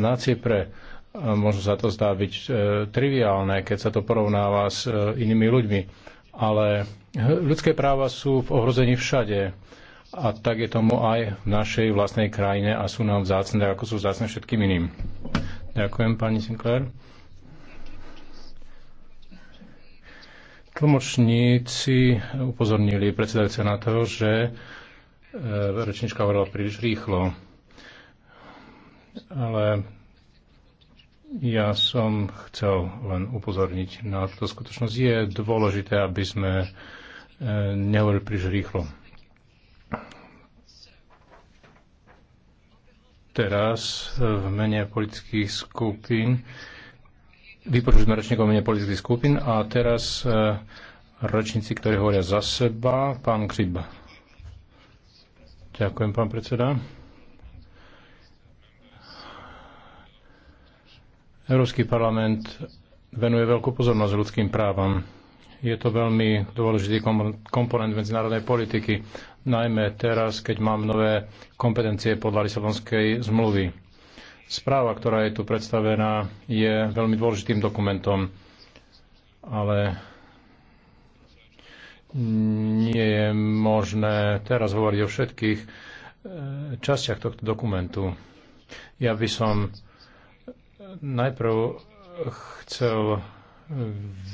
na Cypre Možno sa to zdá byť e, triviálne, keď sa to porovnáva s e, inými ľuďmi, ale ľudské práva sú v ohrození všade a tak je tomu aj v našej vlastnej krajine a sú nám vzácne, ako sú vzácne všetkým iným. Ďakujem, pani Sinclair. Tlmočníci upozornili predsedajúce na to, že e, rečnička hovorila príliš rýchlo. Ale ja som chcel len upozorniť na túto skutočnosť. Je dôležité, aby sme e, nehovorili príliš rýchlo. Teraz v mene politických skupín vypočuli sme ročníkov v mene politických skupín a teraz e, ročníci, ktorí hovoria za seba, pán Kriba. Ďakujem, pán predseda. Európsky parlament venuje veľkú pozornosť ľudským právam. Je to veľmi dôležitý komponent medzinárodnej politiky, najmä teraz, keď mám nové kompetencie podľa Lisabonskej zmluvy. Správa, ktorá je tu predstavená, je veľmi dôležitým dokumentom, ale nie je možné teraz hovoriť o všetkých e, častiach tohto dokumentu. Ja by som Najprv chcel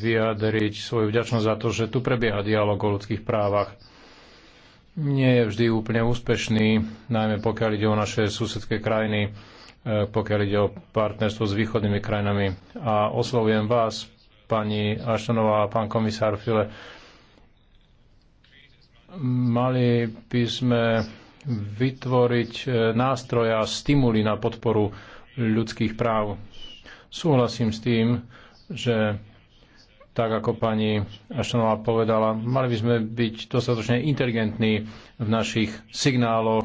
vyjadriť svoju vďačnosť za to, že tu prebieha dialog o ľudských právach. Nie je vždy úplne úspešný, najmä pokiaľ ide o naše susedské krajiny, e, pokiaľ ide o partnerstvo s východnými krajinami. A oslovujem vás, pani Aštanová a pán komisár File. Mali by sme vytvoriť e, nástroja a stimuly na podporu ľudských práv Súhlasím s tým, že tak ako pani Aštanová povedala, mali by sme byť dostatočne inteligentní v našich signáloch,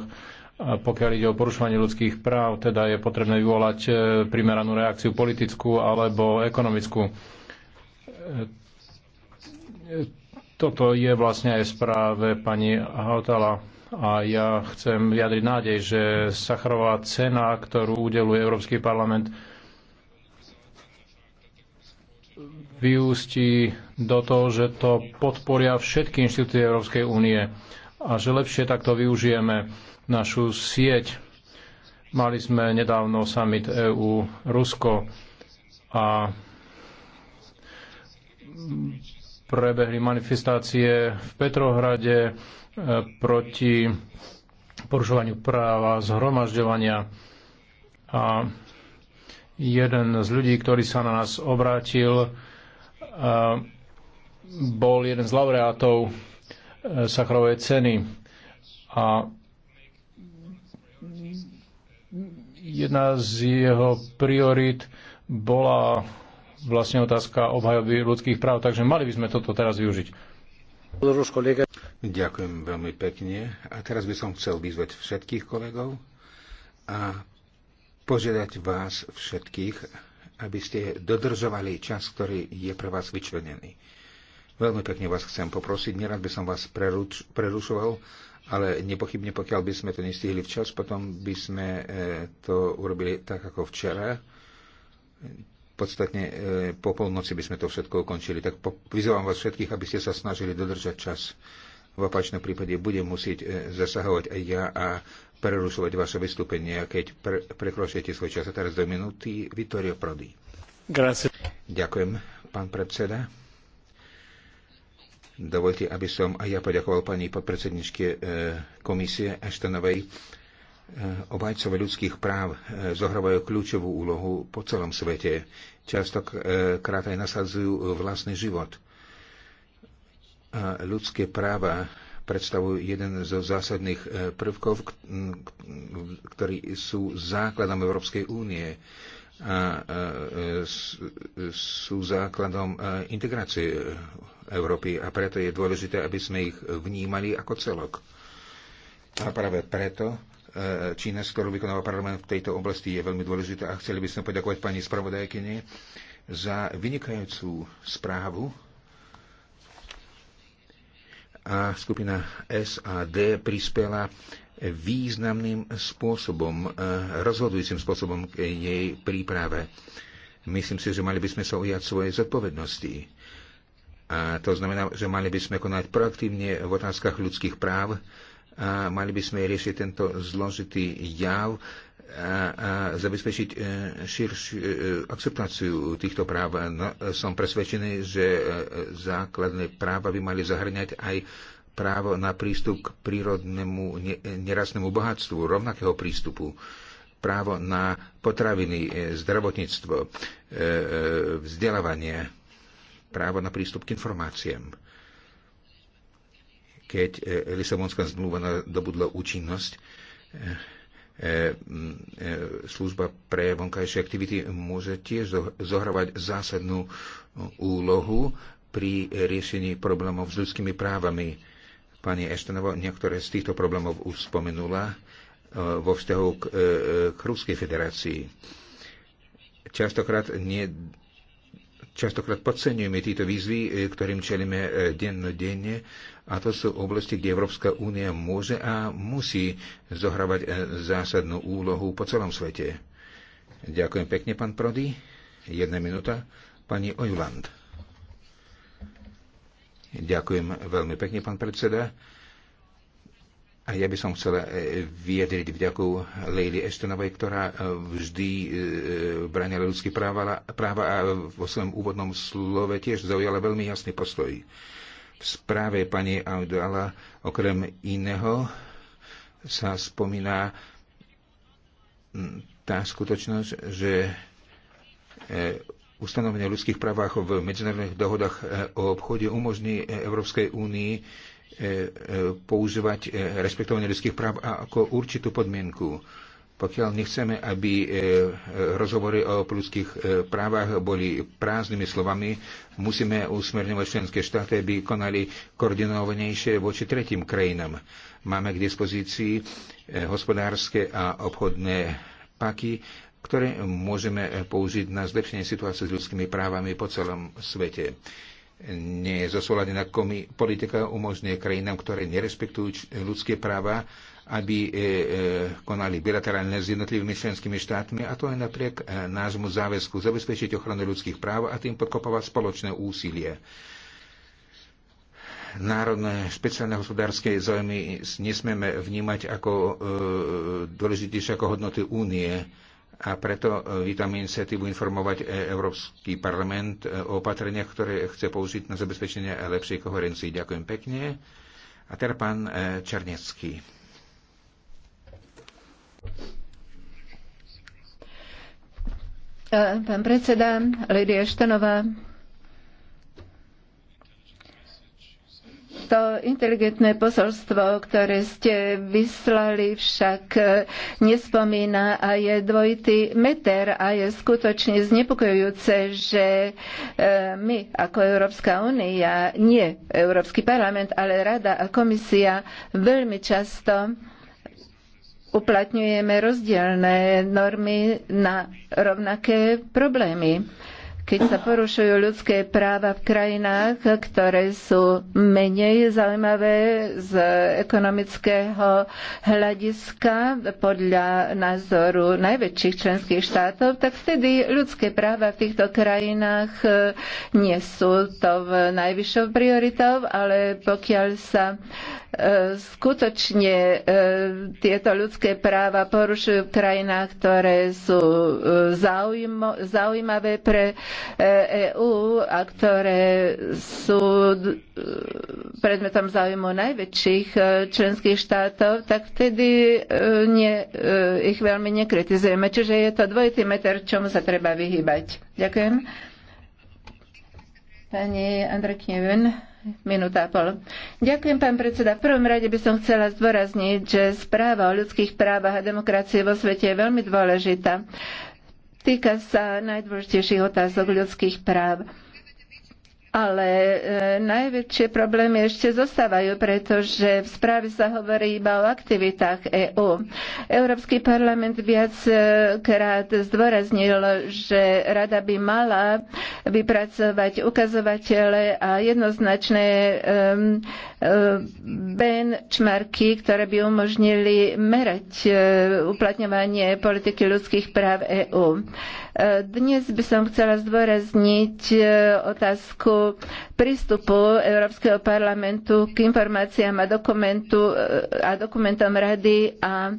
pokiaľ ide o porušovanie ľudských práv, teda je potrebné vyvolať e, primeranú reakciu politickú alebo ekonomickú. E, toto je vlastne aj správe pani Hautala a ja chcem vyjadriť nádej, že Sacharová cena, ktorú udeluje Európsky parlament, vyústi do toho, že to podporia všetky inštitúty Európskej únie a že lepšie takto využijeme našu sieť. Mali sme nedávno summit EU-Rusko a prebehli manifestácie v Petrohrade e, proti porušovaniu práva zhromažďovania a jeden z ľudí, ktorý sa na nás obrátil, bol jeden z laureátov e, Sacharovej ceny a jedna z jeho priorit bola vlastne otázka obhajoby ľudských práv, takže mali by sme toto teraz využiť. Ďakujem veľmi pekne. A teraz by som chcel vyzvať všetkých kolegov a požiadať vás všetkých, aby ste dodržovali čas, ktorý je pre vás vyčlenený. Veľmi pekne vás chcem poprosiť, nerad by som vás preruč, prerušoval, ale nepochybne, pokiaľ by sme to nestihli včas, potom by sme e, to urobili tak ako včera. Podstatne e, po polnoci by sme to všetko ukončili. Tak vyzývam vás všetkých, aby ste sa snažili dodržať čas. V opačnom prípade budem musieť e, zasahovať aj ja a prerušovať vaše vystúpenie, keď pre, prekročíte svoj čas. A teraz do minúty Vittorio Prodi. Grazie. Ďakujem, pán predseda. Dovolte, aby som aj ja poďakoval pani podpredsedničke eh, komisie Ashtonovej. Eh, Obajcov ľudských práv eh, zohrávajú kľúčovú úlohu po celom svete. Častokrát aj nasadzujú vlastný život. A ľudské práva predstavujú jeden zo zásadných e, prvkov, ktorí sú základom Európskej únie a e, sú základom e, integrácie Európy a preto je dôležité, aby sme ich vnímali ako celok. A práve preto činnosť, ktorú vykonáva parlament v tejto oblasti, je veľmi dôležitá a chceli by sme poďakovať pani spravodajkyne za vynikajúcu správu, a skupina SAD prispela významným spôsobom, e, rozhodujúcim spôsobom k jej príprave. Myslím si, že mali by sme sa ujať svojej zodpovednosti. A to znamená, že mali by sme konať proaktívne v otázkach ľudských práv a mali by sme riešiť tento zložitý jav, a, a zabezpečiť e, širšiu e, akceptáciu týchto práv. No, som presvedčený, že e, základné práva by mali zahrňať aj právo na prístup k prírodnému nerastnému bohatstvu, rovnakého prístupu, právo na potraviny, zdravotníctvo, vzdelávanie, právo na prístup k informáciám. Keď Lisabonská zmluva nadobudla účinnosť, E, e, služba pre vonkajšie aktivity môže tiež zohrávať zásadnú e, úlohu pri riešení problémov s ľudskými právami. Pani Eštenovo niektoré z týchto problémov už spomenula vo vzťahu k, k Ruskej federácii. Častokrát nie Častokrát podceňujeme tieto výzvy, ktorým čelíme dennodenne a to sú oblasti, kde Európska únia môže a musí zohrávať e, zásadnú úlohu po celom svete. Ďakujem pekne, pán Prody. Jedna minúta. Pani Ojland. Ďakujem veľmi pekne, pán predseda. A ja by som chcela e, vyjadriť vďaku Lady Estonovej, ktorá e, vždy bránila ľudské práva, práva a vo svojom úvodnom slove tiež zaujala veľmi jasný postoj. V správe pani Audala okrem iného sa spomína tá skutočnosť, že e, ustanovenie ľudských právach v medzinárodných dohodách e, o obchode umožní e, Európskej únii používať respektovanie ľudských práv ako určitú podmienku pokiaľ nechceme, aby e, rozhovory o ľudských e, právach boli prázdnymi slovami, musíme usmerňovať členské štáty, aby konali koordinovanejšie voči tretím krajinám. Máme k dispozícii e, hospodárske a obchodné paky, ktoré môžeme použiť na zlepšenie situácie s ľudskými právami po celom svete Nie nezosúladená komi- politika umožňuje krajinám, ktoré nerespektujú ľudské práva, aby e, e, konali bilaterálne s jednotlivými členskými štátmi a to aj napriek e, nášmu záväzku zabezpečiť ochranu ľudských práv a tým podkopovať spoločné úsilie národné špeciálne hospodárske zájmy nesmieme vnímať ako e, dôležitejšie ako hodnoty únie a preto vítam iniciatívu informovať Európsky parlament o opatreniach, ktoré chce použiť na zabezpečenie lepšej koherencii. Ďakujem pekne. A teraz pán Černecký. E, pán predseda, Lidia Štanová, to inteligentné posolstvo, ktoré ste vyslali, však nespomína a je dvojitý meter a je skutočne znepokojujúce, že e, my ako Európska únia, nie Európsky parlament, ale Rada a komisia veľmi často uplatňujeme rozdielne normy na rovnaké problémy keď sa porušujú ľudské práva v krajinách, ktoré sú menej zaujímavé z ekonomického hľadiska podľa názoru najväčších členských štátov, tak vtedy ľudské práva v týchto krajinách eh, nie sú to v najvyššou prioritou, ale pokiaľ sa eh, skutočne eh, tieto ľudské práva porušujú v krajinách, ktoré sú zaujímavé pre EÚ e a ktoré sú e, predmetom záujmu najväčších e, členských štátov, tak vtedy nie, ich veľmi nekritizujeme. Čiže je to dvojitý meter, čomu sa treba vyhýbať. Ďakujem. Pani Andrekneven, minúta a pol. Ďakujem, pán predseda. V prvom rade by som chcela zdôrazniť, že správa o ľudských právach a demokracii vo svete je veľmi dôležitá. Týka sa najdôležitejších otázok ľudských práv. Ale e, najväčšie problémy ešte zostávajú, pretože v správe sa hovorí iba o aktivitách EÚ. EU. Európsky parlament viackrát zdôraznil, že rada by mala vypracovať ukazovatele a jednoznačné benchmarky, ktoré by umožnili merať e, uplatňovanie politiky ľudských práv EÚ. Dnes by som chcela zdôrazniť e, otázku prístupu Európskeho parlamentu k informáciám a, dokumentu, e, a dokumentom Rady a e,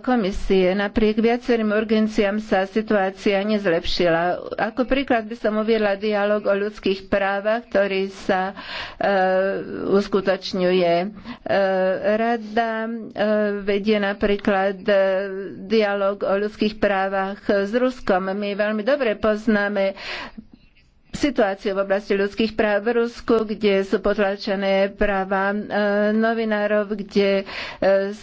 komisie. Napriek viacerým urgenciám sa situácia nezlepšila. Ako príklad by som uviedla dialog o ľudských právach, ktorý sa uskutočňuje. rada vedie napríklad dialog o ľudských právach s Ruskom. My my veľmi dobre poznáme situáciu v oblasti ľudských práv v Rusku, kde sú potlačené práva e, novinárov, kde e,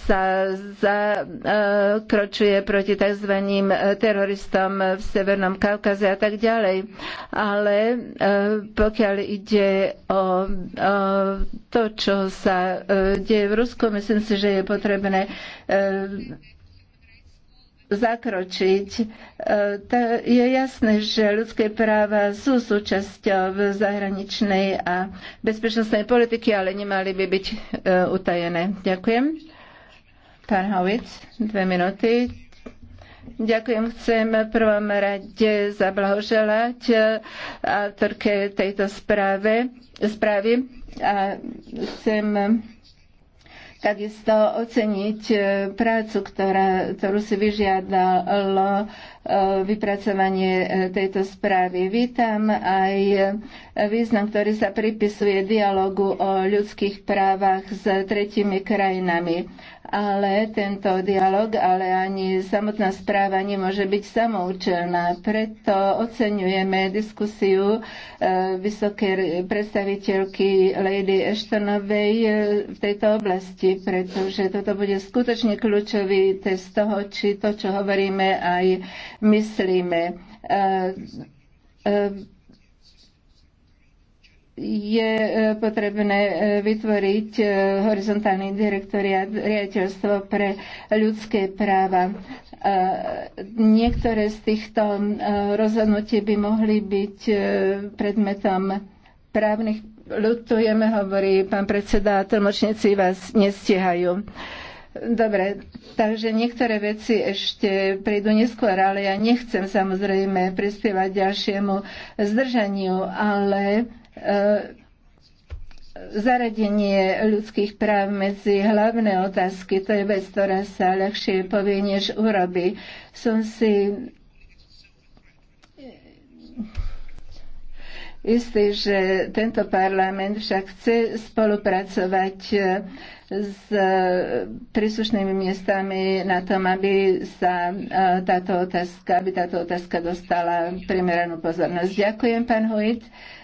sa zakročuje proti tzv. E, teroristom v Severnom Kaukaze a tak ďalej. Ale pokiaľ ide o to, čo sa deje v Rusku, myslím si, že je potrebné zakročiť. E, je jasné, že ľudské práva sú súčasťou zahraničnej a bezpečnostnej politiky, ale nemali by byť e, utajené. Ďakujem. Pán Hovic, dve minúty. Ďakujem, chcem v prvom rade zablahoželať e, autorke tejto správe, správy a chcem takisto oceniť e, prácu, ktorá, ktorú si vyžiadalo e, vypracovanie e, tejto správy. Vítam aj význam, ktorý sa pripisuje dialogu o ľudských právach s tretimi krajinami ale tento dialog, ale ani samotná správa nemôže byť samoučelná. Preto oceňujeme diskusiu e, vysokej predstaviteľky Lady Ashtonovej e, v tejto oblasti, pretože toto bude skutočne kľúčový test toho, či to, čo hovoríme, aj myslíme e, je e, potrebné e, vytvoriť e, horizontálny direktoriát riaditeľstvo pre ľudské práva. Niektoré z týchto rozhodnutí by mohli byť predmetom právnych. Ľutujeme, hovorí pán predseda, tlmočníci vás nestihajú. Dobre, takže niektoré veci ešte prídu neskôr, ale ja nechcem samozrejme prispievať ďalšiemu zdržaniu, ale E, zaradenie ľudských práv medzi hlavné otázky, to je vec, ktorá sa ľahšie povie, než urobi. Som si istý, že tento parlament však chce spolupracovať e, s príslušnými miestami na tom, aby sa e, táto otázka, aby táto otázka dostala primeranú pozornosť. Ďakujem, pán Huit.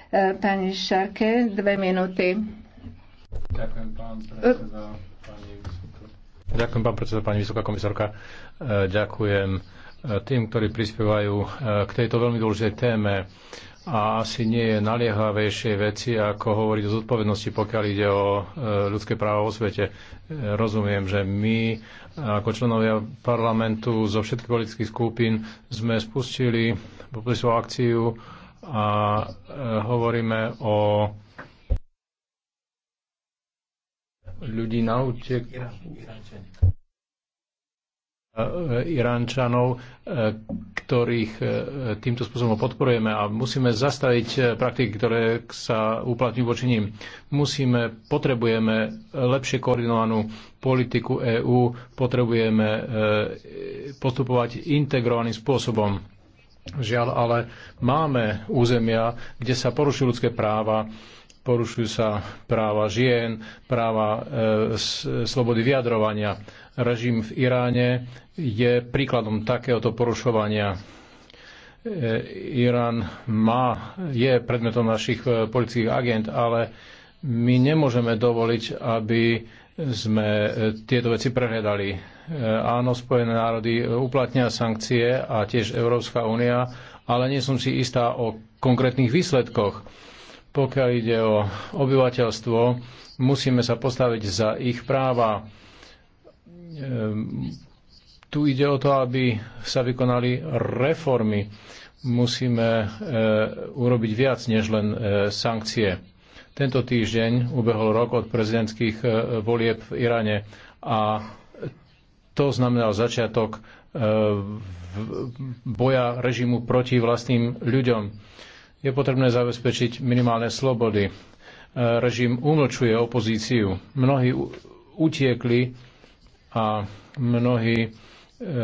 E, pani Šarke, dve minúty. Ďakujem, pán predseda, pani vysoká. Ďakujem, pán pani vysoká komisárka. E, ďakujem e, tým, ktorí prispievajú k tejto veľmi dôležitej téme. A asi nie je naliehavejšie veci, ako hovoriť o zodpovednosti, pokiaľ ide o ľudské práva vo svete. Rozumiem, že my ako členovia parlamentu zo všetkých politických skupín sme spustili akciu a e, hovoríme o ľudí na útek e, Iránčanov, e, ktorých týmto spôsobom podporujeme a musíme zastaviť praktiky, ktoré sa uplatňujú voči ním. Musíme, potrebujeme lepšie koordinovanú politiku EÚ, potrebujeme postupovať integrovaným spôsobom Žiaľ, ale máme územia, kde sa porušujú ľudské práva, porušujú sa práva žien, práva e, slobody vyjadrovania. Režim v Iráne je príkladom takéhoto porušovania. E, Irán má, je predmetom našich e, politických agent, ale my nemôžeme dovoliť, aby sme e, tieto veci prehľadali Eh, áno, Spojené národy eh, uplatnia sankcie a tiež Európska únia, ale nie som si istá o konkrétnych výsledkoch. Pokiaľ ide o obyvateľstvo, musíme sa postaviť za ich práva. Ehm, tu ide o to, aby sa vykonali reformy. Musíme eh, urobiť viac než len sankcie. Tento týždeň ubehol rok od prezidentských volieb v Iráne a to znamenal začiatok e, boja režimu proti vlastným ľuďom. Je potrebné zabezpečiť minimálne slobody. E, režim umlčuje opozíciu. Mnohí utiekli a mnohí e,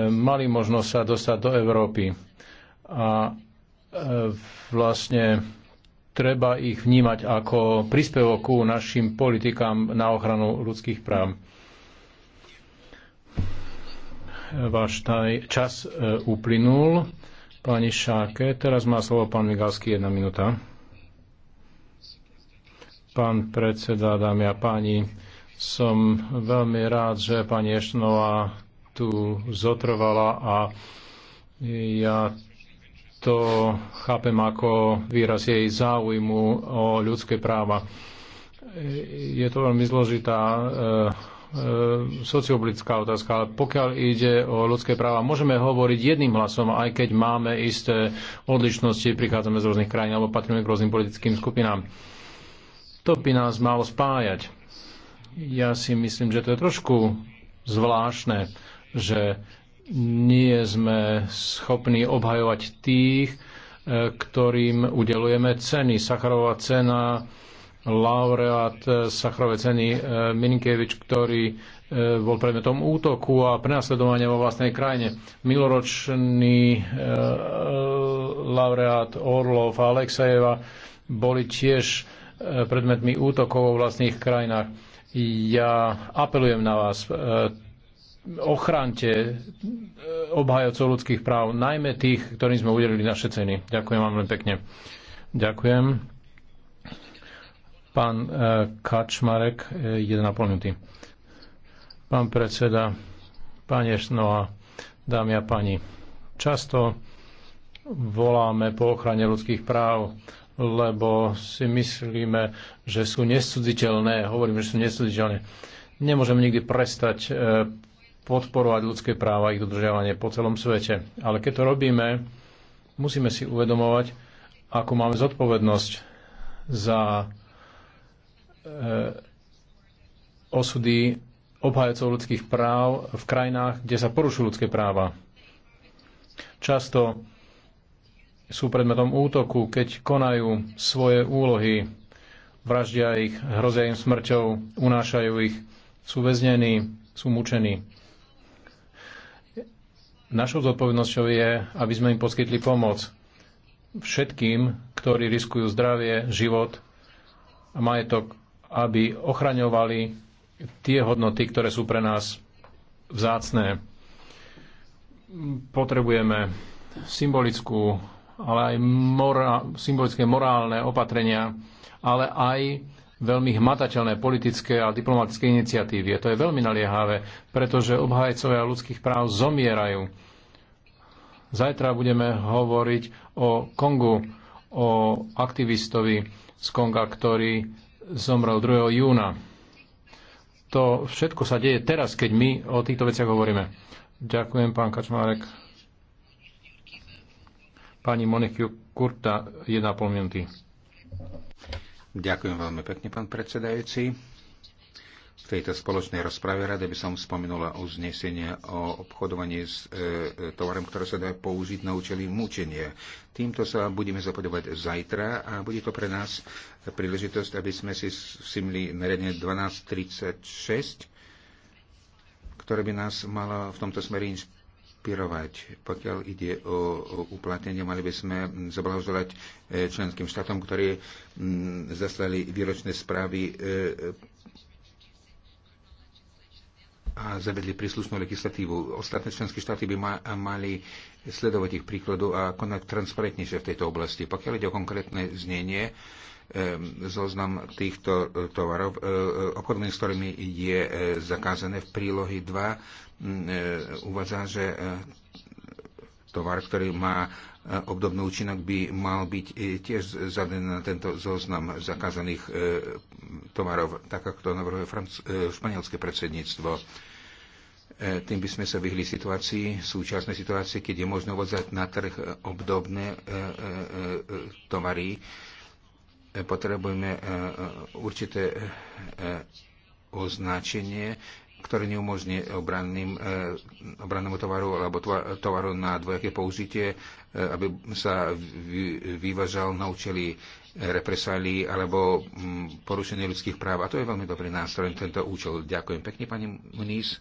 mali možnosť sa dostať do Európy. A vlastne treba ich vnímať ako príspevok ku našim politikám na ochranu ľudských práv váš taj, čas e, uplynul. Pani Šáke, teraz má slovo pán Migalský, jedna minúta. Pán predseda, dámy a páni, som veľmi rád, že pani Ešnová tu zotrvala a ja to chápem ako výraz jej záujmu o ľudské práva. Je to veľmi zložitá e, Ehm, sociopolitická otázka, ale pokiaľ ide o ľudské práva, môžeme hovoriť jedným hlasom, aj keď máme isté odlišnosti, prichádzame z rôznych krajín alebo patríme k rôznym politickým skupinám. To by nás malo spájať. Ja si myslím, že to je trošku zvláštne, že nie sme schopní obhajovať tých, ehm, ktorým udelujeme ceny. Sacharová cena laureát eh, Sachrovej ceny eh, Mininkevič, ktorý eh, bol predmetom útoku a prenasledovania vo vlastnej krajine. Miloročný laureát Orlov a Alexejeva boli tiež predmetmi útokov vo vlastných krajinách. Ja apelujem na vás, ochránte obhajovcov ľudských práv, najmä tých, ktorým sme udelili naše ceny. Ďakujem vám len pekne. Ďakujem. Pán eh, Kačmarek, 1,5 eh, minúty. Pán predseda, pán Ješnova, dámy a pani. často voláme po ochrane ľudských práv, lebo si myslíme, že sú nesudziteľné, Hovoríme, že sú nescudziteľné. Nemôžeme nikdy prestať eh, podporovať ľudské práva a ich dodržiavanie po celom svete. Ale keď to robíme, musíme si uvedomovať, ako máme zodpovednosť za E, osudy obhajcov ľudských práv v krajinách, kde sa porušujú ľudské práva. Často sú predmetom útoku, keď konajú svoje úlohy, vraždia ich, hrozia im smrťou, unášajú ich, sú väznení, sú mučení. Našou zodpovednosťou je, aby sme im poskytli pomoc všetkým, ktorí riskujú zdravie, život a majetok aby ochraňovali tie hodnoty, ktoré sú pre nás vzácné. Potrebujeme symbolickú, ale aj mora, symbolické morálne opatrenia, ale aj veľmi hmatateľné politické a diplomatické iniciatívy. A to je veľmi naliehavé, pretože obhajcovia ľudských práv zomierajú. Zajtra budeme hovoriť o Kongu, o aktivistovi z Konga, ktorý zomrel 2. júna. To všetko sa deje teraz, keď my o týchto veciach hovoríme. Ďakujem, pán Kačmárek. Pani Monikiu Kurta, 1,5 minúty. Ďakujem veľmi pekne, pán predsedajúci. V tejto spoločnej rozprave rada by som spomenula uznesenie o obchodovaní s e, e, tovarom, ktoré sa dá použiť na účely mučenia. Týmto sa budeme zapodobať zajtra a bude to pre nás príležitosť, aby sme si simli nariadenie 1236, ktoré by nás malo v tomto smere inšpirovať. Pokiaľ ide o, uplatnenie, mali by sme zablahoželať e, členským štátom, ktorí zaslali výročné správy e, a zavedli príslušnú legislatívu. Ostatné členské štáty by ma, mali sledovať ich príkladu a konať transparentnejšie v tejto oblasti. Pokiaľ ide o konkrétne znenie, zoznam týchto e, tovarov, e, e, obchodmi, s ktorými je zakázané v prílohy 2, uvádza, že tovar, ktorý má obdobný účinok by mal byť e, tiež zadený na tento zoznam zakázaných e, tovarov, tak ako to navrhuje e, španielské predsedníctvo. Tým by sme sa vyhli situácii, súčasnej situácii, keď je možné vozať na trh obdobné tovary. Potrebujeme určité označenie ktoré neumožní obranným, e, obrannému tovaru alebo tovaru na dvojaké použitie, e, aby sa vyvážal na účely represálí alebo mm, porušenie ľudských práv. A to je veľmi dobrý nástroj, tento účel. Ďakujem pekne, pani Muniz.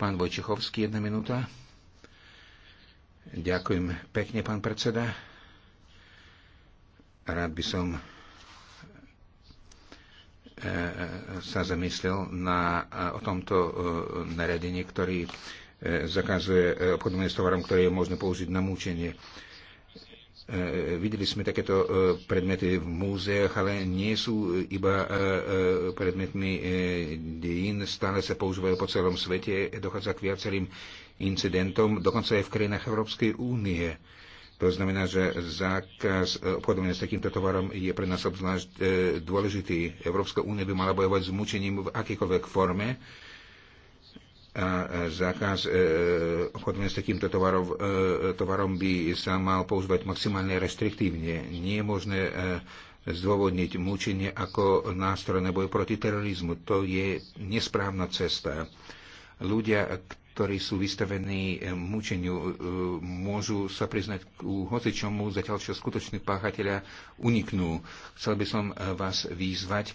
Pán Vojčechovský, jedna minúta. Ďakujem pekne, pán predseda. Rád by som sa zamyslel na, eh, o tomto eh, naredení, ktorý eh, zakazuje obchodovanie s tovarom, ktoré je možné použiť na múčenie. Videli sme takéto predmety v múzeách, ale nie sú iba predmetmi dejín, stále sa používajú po celom svete, dochádza k viacerým incidentom, dokonca aj v krajinách Európskej únie to znamená, že zákaz e, obchodovania s takýmto tovarom je pre nás obzvlášť e, dôležitý. Európska únia by mala bojovať s mučením v akýkoľvek forme a zákaz e, obchodovania s takýmto tovarom, e, tovarom by sa mal používať maximálne restriktívne. Nie je možné e, zdôvodniť mučenie ako nástroj na boj proti terorizmu. To je nesprávna cesta. Ľudia, ktorí sú vystavení eh, mučeniu, eh, môžu sa priznať ku hocičomu, zatiaľ čo skutoční páchatelia uniknú. Chcel by som eh, vás vyzvať,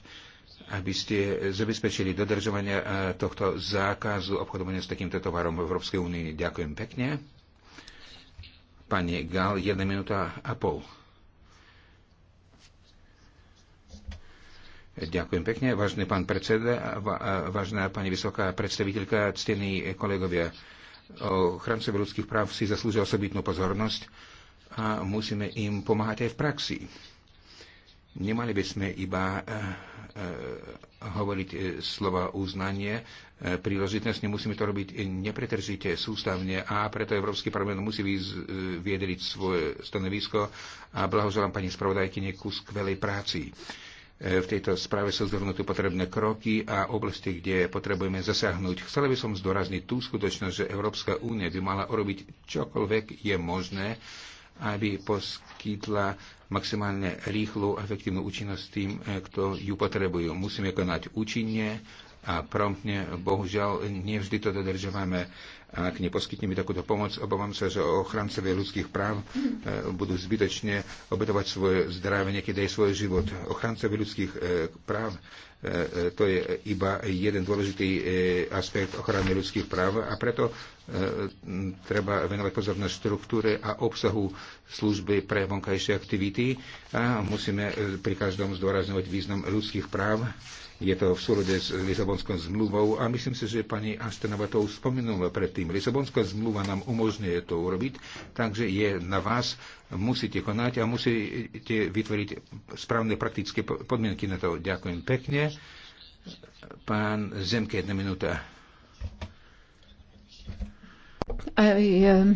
aby ste zabezpečili dodržovanie tohto zákazu obchodovania s takýmto tovarom v Európskej únii. Ďakujem pekne. Pani Gal, jedna minúta a pol. Ďakujem pekne, vážny pán predseda, vážna pani vysoká predstaviteľka, ctení kolegovia. Ochrancovia ľudských práv si zaslúžia osobitnú pozornosť a musíme im pomáhať aj v praxi. Nemali by sme iba e, e, hovoriť e, slova uznanie, príležitostne musíme to robiť nepretržite, sústavne a preto Európsky parlament musí vyjedriť svoje stanovisko a blahoželám pani spravodajkyne ku skvelej práci. E, v tejto správe sú zhrnuté potrebné kroky a oblasti, kde potrebujeme zasiahnuť. Chcela by som zdôrazniť tú skutočnosť, že Európska únia by mala urobiť čokoľvek je možné, aby poskytla maximálne rýchlu a efektívnu účinnosť tým, e, kto ju potrebujú. Musíme konať účinne, a promptne, bohužiaľ, nevždy to dodržovame. A ak neposkytneme takúto pomoc, obávam sa, že ochrancovia ľudských práv e, budú zbytočne obetovať svoje zdravie, niekedy aj svoj život. Ochrancovia ľudských e, práv e, to je iba jeden dôležitý aspekt ochrany ľudských práv a preto treba venovať pozornosť štruktúre a obsahu služby pre vonkajšie aktivity a musíme pri každom zdôrazňovať význam ľudských práv je to v súlade s Lisabonskou zmluvou a myslím si, že pani Astenova to už spomenula predtým. Lisabonská zmluva nám umožňuje to urobiť, takže je na vás, musíte konať a musíte vytvoriť správne praktické podmienky na to. Ďakujem pekne. Pán Zemke, jedna minúta. um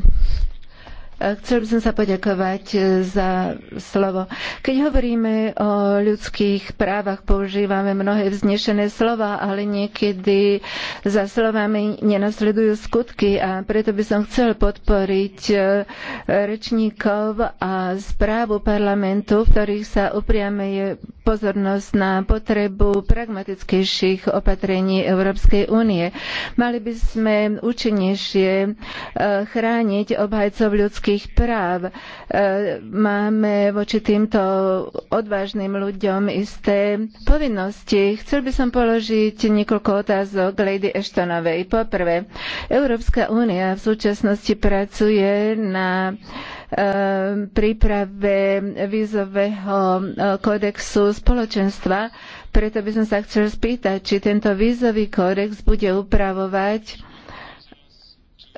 Chcel by som sa poďakovať e, za slovo. Keď hovoríme o ľudských právach, používame mnohé vznešené slova, ale niekedy za slovami nenasledujú skutky a preto by som chcel podporiť e, rečníkov a správu parlamentu, v ktorých sa upriame pozornosť na potrebu pragmatickejších opatrení Európskej únie. Mali by sme účinnejšie e, chrániť obhajcov ľudských ľudských práv. E, máme voči týmto odvážnym ľuďom isté povinnosti. Chcel by som položiť niekoľko otázok Lady Ashtonovej. Poprvé, Európska únia v súčasnosti pracuje na e, príprave vízového e, kodexu spoločenstva. Preto by som sa chcel spýtať, či tento vízový kódex bude upravovať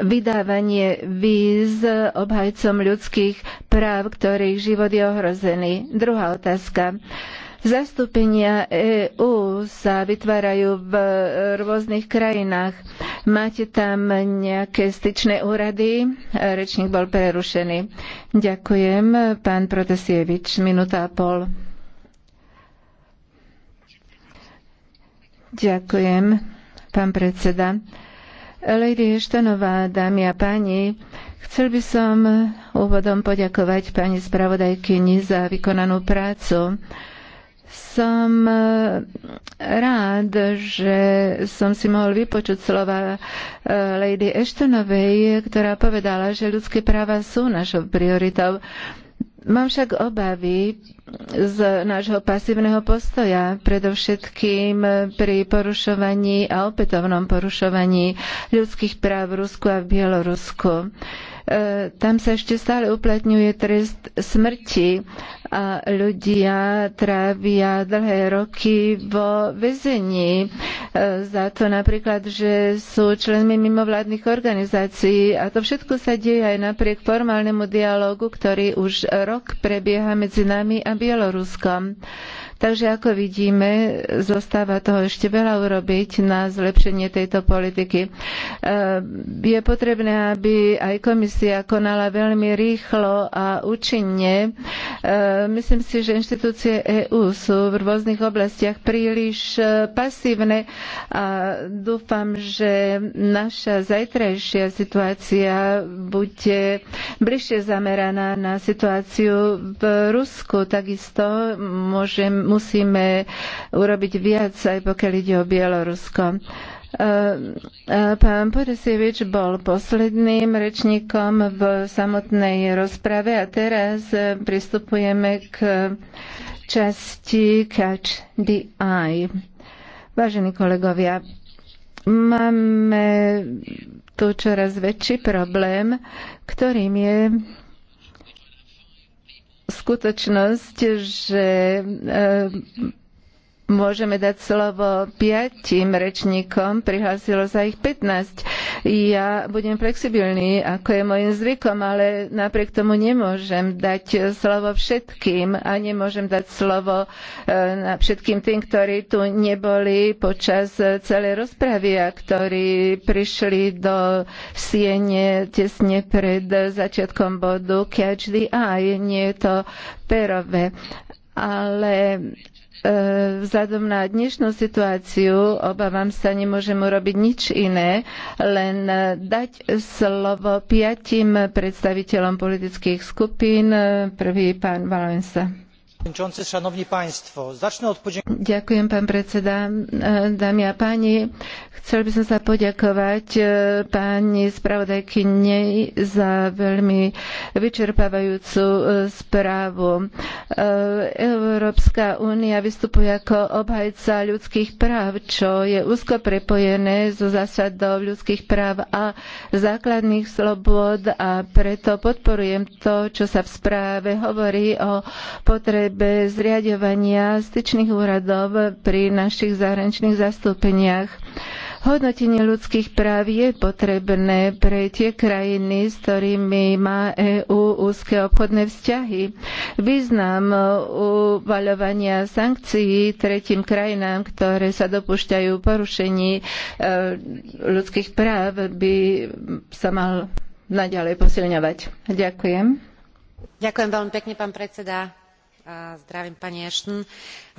vydávanie víz obhajcom ľudských práv, ktorých život je ohrozený. Druhá otázka. Zastúpenia EÚ sa vytvárajú v rôznych krajinách. Máte tam nejaké styčné úrady? Rečník bol prerušený. Ďakujem. Pán Protasievič, minúta a pol. Ďakujem, pán predseda. Lady Štanová, dámy a páni, chcel by som úvodom poďakovať pani spravodajkyni za vykonanú prácu. Som e, rád, že som si mohol vypočuť slova e, Lady Ashtonovej, ktorá povedala, že ľudské práva sú našou prioritou. Mám však obavy z nášho pasívneho postoja, predovšetkým pri porušovaní a opätovnom porušovaní ľudských práv v Rusku a v Bielorusku. E, tam sa ešte stále uplatňuje trest smrti a ľudia trávia dlhé roky vo vezení, e, za to napríklad, že sú členmi mimovládnych organizácií a to všetko sa deje aj napriek formálnemu dialogu, ktorý už rok prebieha medzi nami a Bieloruskom. Takže ako vidíme, zostáva toho ešte veľa urobiť na zlepšenie tejto politiky. E, je potrebné, aby aj komisia konala veľmi rýchlo a účinne. E, myslím si, že inštitúcie EÚ sú v rôznych oblastiach príliš e, pasívne a dúfam, že naša zajtrajšia situácia bude bližšie zameraná na situáciu v Rusku. Takisto môžem, musíme urobiť viac, aj pokiaľ ide o Bielorusko. E, e, pán Podesievič bol posledným rečníkom v samotnej rozprave a teraz pristupujeme k časti Catch the Eye. Vážení kolegovia, máme tu čoraz väčší problém, ktorým je skutočnosť, že môžeme dať slovo piatim rečníkom, prihlásilo sa ich 15. Ja budem flexibilný, ako je môjim zvykom, ale napriek tomu nemôžem dať slovo všetkým a nemôžem dať slovo e, všetkým tým, ktorí tu neboli počas celej rozpravy a ktorí prišli do siene tesne pred začiatkom bodu Catch the Eye. Nie je to perové ale E, vzhľadom na dnešnú situáciu, obávam sa, nemôžem urobiť nič iné, len e, dať slovo piatim predstaviteľom politických skupín. E, prvý pán Valensa. Ďakujem, pán predseda. E, dámy a páni, chcel by som sa poďakovať e, pani spravodajkyni za veľmi vyčerpávajúcu e, správu. Európska únia vystupuje ako obhajca ľudských práv, čo je úzko prepojené so zásadou ľudských práv a základných slobod a preto podporujem to, čo sa v správe hovorí o potrebe potrebe zriadovania styčných úradov pri našich zahraničných zastúpeniach. Hodnotenie ľudských práv je potrebné pre tie krajiny, s ktorými má EÚ úzke obchodné vzťahy. Význam uvaľovania sankcií tretím krajinám, ktoré sa dopúšťajú porušení e, ľudských práv, by sa mal naďalej posilňovať. Ďakujem. Ďakujem veľmi pekne, pán predseda zdravím pani ashton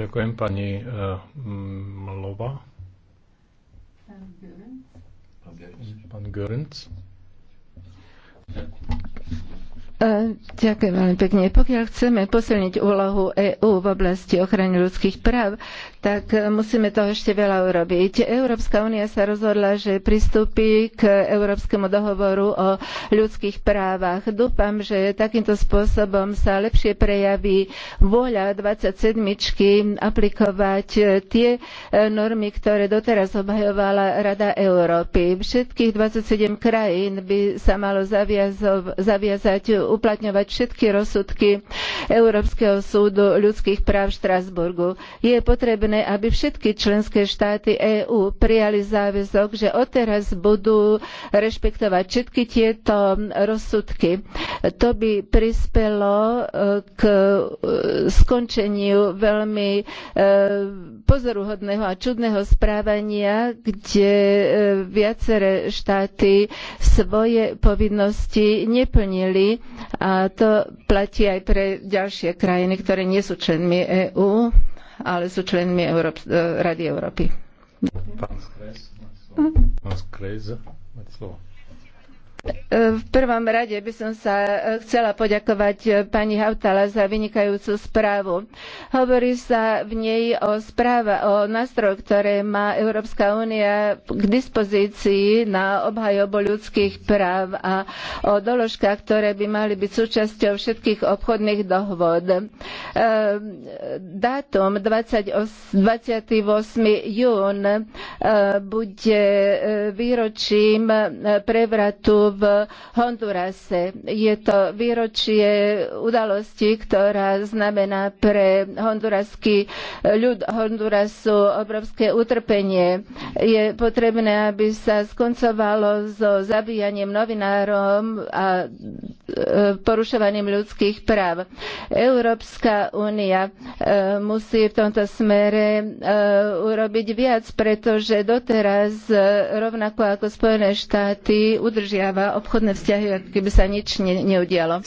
Ďakujem pani eh, Mlova. Pán Görens. E, ďakujem veľmi pekne. Pokiaľ chceme posilniť úlohu EÚ v oblasti ochrany ľudských práv, tak musíme toho ešte veľa urobiť. Európska únia sa rozhodla, že pristúpi k Európskemu dohovoru o ľudských právach. Dúfam, že takýmto spôsobom sa lepšie prejaví voľa 27 aplikovať tie eh, normy, ktoré doteraz obhajovala Rada Európy. Všetkých 27 krajín by sa malo zaviazať uplatňovať všetky rozsudky Európskeho súdu ľudských práv v Štrasburgu. Je potrebné potrebné, aby všetky členské štáty EÚ prijali záväzok, že odteraz budú rešpektovať všetky tieto rozsudky. To by prispelo e, k e, skončeniu veľmi e, pozoruhodného a čudného správania, kde viaceré štáty svoje povinnosti neplnili a to platí aj pre ďalšie krajiny, ktoré nie sú členmi EÚ ale sú členmi Európ- e, Rady Európy. Pán Skrez, hm? máte slovo. V prvom rade by som sa e, chcela poďakovať e, pani Hautala za vynikajúcu správu. Hovorí sa v nej o správa, o ktoré má Európska únia k dispozícii na obhajobu ľudských práv a o doložkách, ktoré by mali byť súčasťou všetkých obchodných dohôd. E, dátum 28. jún bude výročím prevratu v Hondurase. Je to výročie udalosti, ktorá znamená pre honduraský ľud Hondurasu obrovské utrpenie. Je potrebné, aby sa skoncovalo so zabíjaním novinárom a e, porušovaním ľudských práv. Európska únia e, musí v tomto smere e, urobiť viac, pretože doteraz rovnako ako Spojené štáty udržiava udržiava obchodné vzťahy, ako keby sa nič ne, neudialo.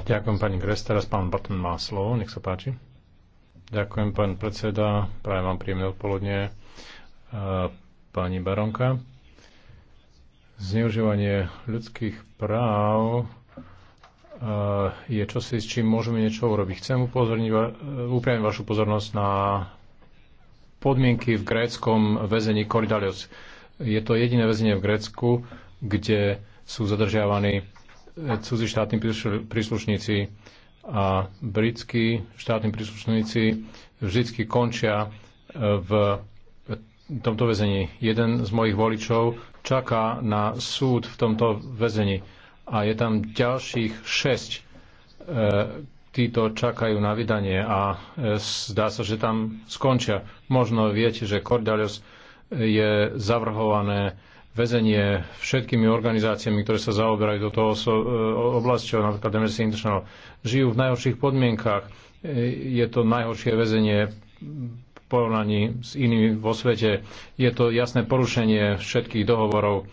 Ďakujem pani Gres, teraz pán Button má slovo, nech sa páči. Ďakujem pán predseda, prajem vám príjemné odpoludne. E, pani Baronka, zneužívanie ľudských práv e, je čosi, s čím môžeme niečo urobiť. Chcem upozorniť, upriamiť vašu pozornosť na podmienky v gréckom väzení Koridalios. Je to jediné väzenie v Grécku, kde sú zadržiavaní eh, cudzí štátni príslušníci a britskí štátni príslušníci vždy končia eh, v tomto väzení. Jeden z mojich voličov čaká na súd v tomto väzení a je tam ďalších šesť. Eh, títo čakajú na vydanie a zdá sa, že tam skončia. Možno viete, že Kordalios je zavrhované väzenie všetkými organizáciami, ktoré sa zaoberajú do toho e, oblasťou, napríklad Amnesty International, žijú v najhorších podmienkach. E, je to najhoršie väzenie v porovnaní s inými vo svete. Je to jasné porušenie všetkých dohovorov.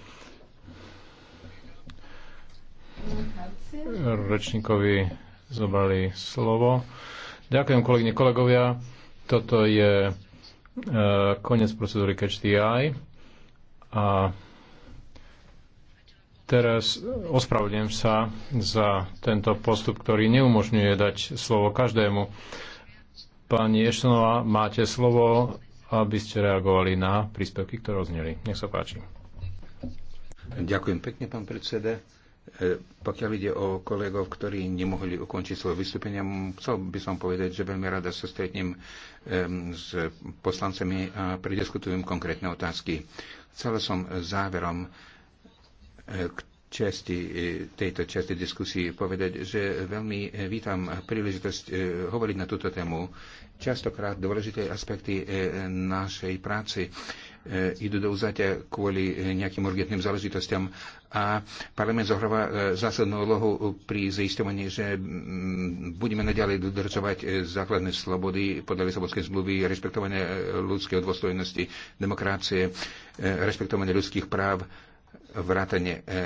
Rečníkovi zobrali slovo. Ďakujem, kolegyne, kolegovia. Toto je Eh, koniec procedúry Catch the Eye. A teraz ospravedlňujem sa za tento postup, ktorý neumožňuje dať slovo každému. Pani Eštonová, máte slovo, aby ste reagovali na príspevky, ktoré ozneli. Nech sa páči. Ďakujem pekne, pán predseda. E, pokiaľ ide o kolegov, ktorí nemohli ukončiť svoje vystúpenia, chcel by som povedať, že veľmi rada sa stretnem s poslancami a prediskutujem konkrétne otázky. Chcel som záverom, e, časti, e, tejto časti diskusii povedať, že veľmi e, vítam príležitosť e, hovoriť na túto tému. Častokrát dôležité aspekty našej práci idú do uzatia kvôli nejakým urgentným záležitostiam a parlament zohráva zásadnú úlohu pri zaistovaní, že budeme naďalej dodržovať základné slobody podľa Lisabonskej zmluvy, rešpektovanie ľudského dôstojnosti, demokracie, rešpektovanie ľudských práv vrátane e, e,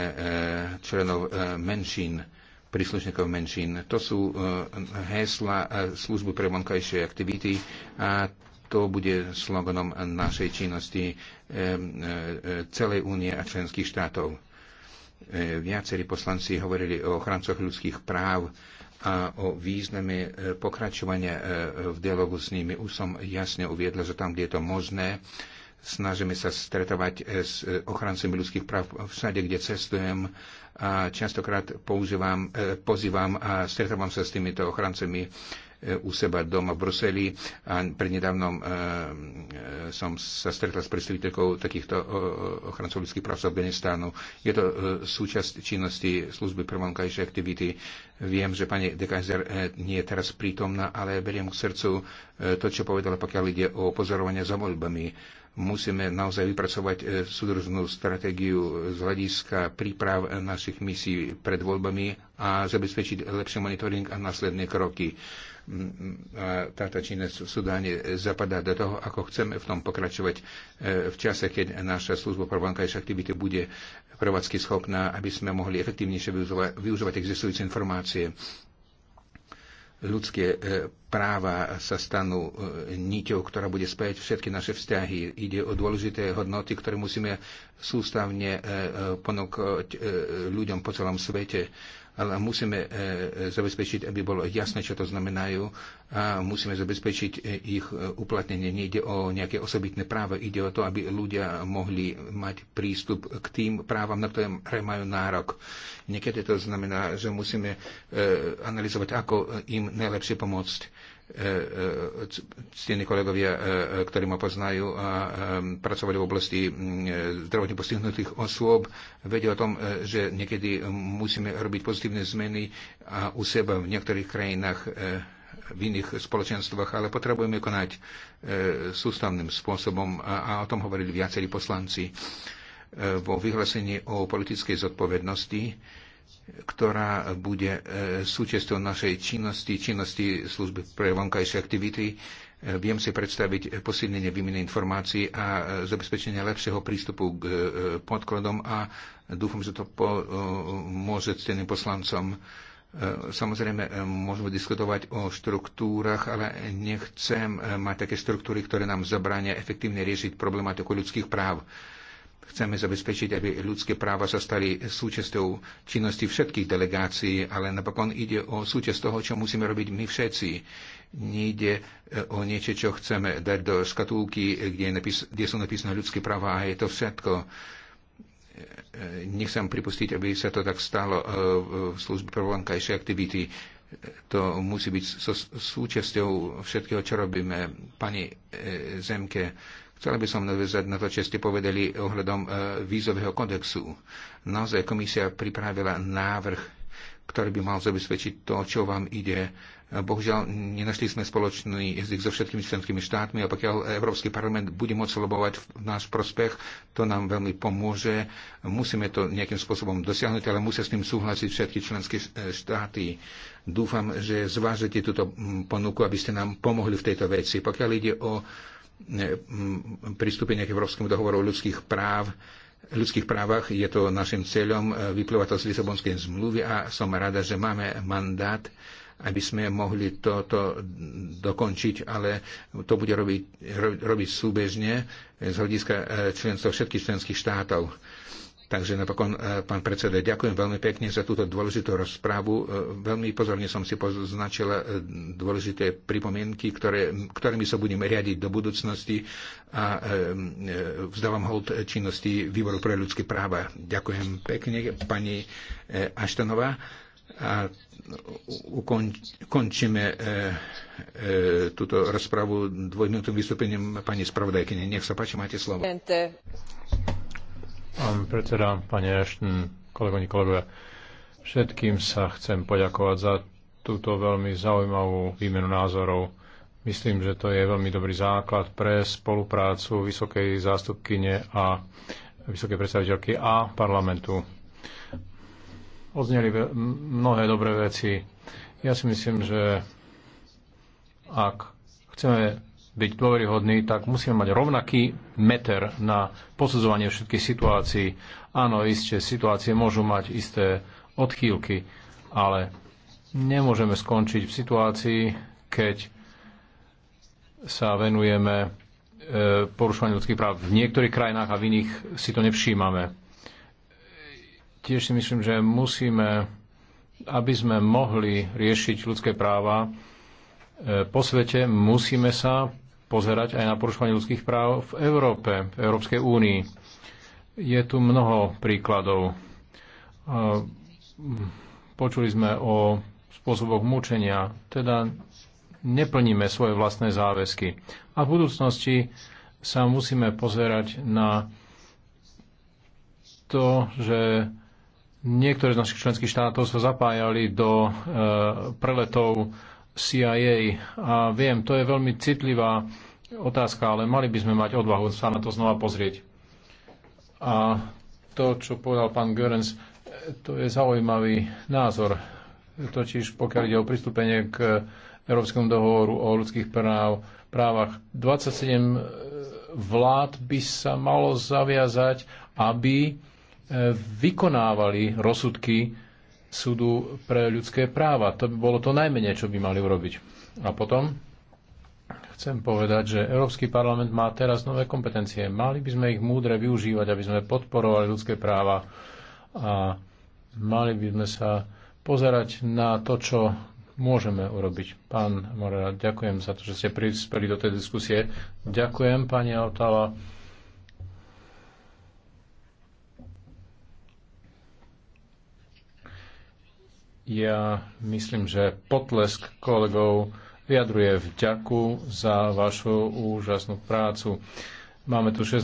členov e, menšín, príslušníkov menšín. To sú hesla služby pre vonkajšie aktivity a to bude sloganom našej činnosti celej únie a členských štátov. Viacerí poslanci hovorili o ochrancoch ľudských práv a o význame pokračovania v dialogu s nimi. Už som jasne uviedla, že tam, kde je to možné, snažíme sa stretávať eh, s eh, ochrancami ľudských práv všade, kde cestujem. A častokrát používam, eh, pozývam a stretávam sa s týmito ochrancami u seba doma v Bruseli a prednedávnom som sa stretla s predstaviteľkou takýchto ochrancov ľudských práv z Afganistánu. Je to súčasť činnosti služby pre vonkajšie aktivity. Viem, že pani de Kaiser nie je teraz prítomná, ale beriem k srdcu to, čo povedala, pokiaľ ide o pozorovanie za voľbami musíme naozaj vypracovať e, súdržnú stratégiu z hľadiska príprav našich misií pred voľbami a zabezpečiť lepší monitoring a následné kroky. Mm, mm, a táto činnosť v Sudáne zapadá do toho, ako chceme v tom pokračovať e, v čase, keď naša služba pro vonkajšie aktivity bude prevádzky schopná, aby sme mohli efektívnejšie využívať, využívať existujúce informácie ľudské e, práva sa stanú e, niťou, ktorá bude spájať všetky naše vzťahy. Ide o dôležité hodnoty, ktoré musíme sústavne e, ponúkať ľuďom po celom svete ale musíme e, e, zabezpečiť, aby bolo jasné, čo to znamenajú a musíme zabezpečiť e, ich uplatnenie. Nejde o nejaké osobitné právo, ide o to, aby ľudia mohli mať prístup k tým právam, na ktoré majú nárok. Niekedy to znamená, že musíme analyzovať, ako im najlepšie pomôcť E, e, ctení kolegovia, e, ktorí ma poznajú a pracovali v oblasti zdravotne postihnutých osôb, vedia o tom, že niekedy musíme robiť pozitívne zmeny a u seba v niektorých krajinách v iných spoločenstvách, ale potrebujeme konať sústavným spôsobom a, o tom hovorili viacerí poslanci vo vyhlásení o politickej zodpovednosti ktorá bude e, súčasťou našej činnosti, činnosti služby pre vonkajšie aktivity. E, viem si predstaviť posilnenie výmeny informácií a e, zabezpečenie lepšieho prístupu k podkladom a dúfam, že to pomôže ceným poslancom. Samozrejme, môžeme diskutovať o štruktúrach, ale nechcem mať také štruktúry, ktoré nám zabránia efektívne riešiť problematiku ľudských práv. Chceme zabezpečiť, aby ľudské práva sa stali súčasťou činnosti všetkých delegácií, ale napokon ide o súčasť toho, čo musíme robiť my všetci. Nejde e, o niečo, čo chceme dať do škatulky, kde, napis- kde sú napísané ľudské práva a je to všetko. E, e, nechcem pripustiť, aby sa to tak stalo v službe pre vonkajšie aktivity. To musí byť so súčasťou všetkého, čo robíme. Pani Zemke, Chcela by som nadviezať na to, čo ste povedali ohľadom e, vízového kodexu. Naozaj komisia pripravila návrh, ktorý by mal zabezpečiť to, čo vám ide. Bohužiaľ, nenašli sme spoločný jazyk so všetkými členskými štátmi a pokiaľ Európsky parlament bude môcť lobovať v náš prospech, to nám veľmi pomôže. Musíme to nejakým spôsobom dosiahnuť, ale musia s tým súhlasiť všetky členské e, štáty. Dúfam, že zvážete túto ponuku, aby ste nám pomohli v tejto veci. Pokiaľ ide o pristúpenia k Európskemu dohovoru o ľudských práv, ľudských právach. Je to našim cieľom, e, vyplýva to z Lisabonskej zmluvy a som rada, že máme mandát, aby sme mohli toto dokončiť, ale to bude robiť, robiť súbežne z hľadiska e, členstva všetkých členských štátov Takže napokon, e, pán predseda, ďakujem veľmi pekne za túto dôležitú rozprávu. E, veľmi pozorne som si poznačila e, dôležité pripomienky, ktoré, ktorými sa budeme riadiť do budúcnosti a vzdávam hold činnosti Výboru pre ľudské práva. Ďakujem pekne, pani Aštanová. A ukončíme túto rozpravu dvojminútovým vystúpením pani spravodajkyne. Nech sa páči, máte slovo. Pán predseda, pani Ešten, kolegovi, kolegovia, všetkým sa chcem poďakovať za túto veľmi zaujímavú výmenu názorov. Myslím, že to je veľmi dobrý základ pre spoluprácu vysokej zástupkyne a vysokej predstaviteľky a parlamentu. Odzneli mnohé dobré veci. Ja si myslím, že ak chceme byť dôveryhodný, tak musíme mať rovnaký meter na posudzovanie všetkých situácií. Áno, isté situácie môžu mať isté odchýlky, ale nemôžeme skončiť v situácii, keď sa venujeme e, porušovaniu ľudských práv v niektorých krajinách a v iných si to nevšímame. Tiež si myslím, že musíme, aby sme mohli riešiť ľudské práva e, po svete, musíme sa pozerať aj na porušovanie ľudských práv v Európe, v Európskej únii. Je tu mnoho príkladov. Mm, počuli sme o spôsoboch mučenia, teda neplníme svoje vlastné záväzky. A v budúcnosti sa musíme pozerať na to, že niektoré z našich členských štátov sa zapájali do e, preletov CIA. A viem, to je veľmi citlivá otázka, ale mali by sme mať odvahu sa na to znova pozrieť. A to, čo povedal pán Görens, to je zaujímavý názor. Totiž pokiaľ ide o pristúpenie k Európskom dohovoru o ľudských práv, právach, 27 vlád by sa malo zaviazať, aby e, vykonávali rozsudky súdu pre ľudské práva. To by bolo to najmenej, čo by mali urobiť. A potom chcem povedať, že Európsky parlament má teraz nové kompetencie. Mali by sme ich múdre využívať, aby sme podporovali ľudské práva a mali by sme sa pozerať na to, čo môžeme urobiť. Pán Morera, ďakujem za to, že ste prispeli do tej diskusie. Ďakujem, pani Altava. Ja myslím, že potlesk kolegov vyjadruje vďaku za vašu úžasnú prácu. Máme tu 6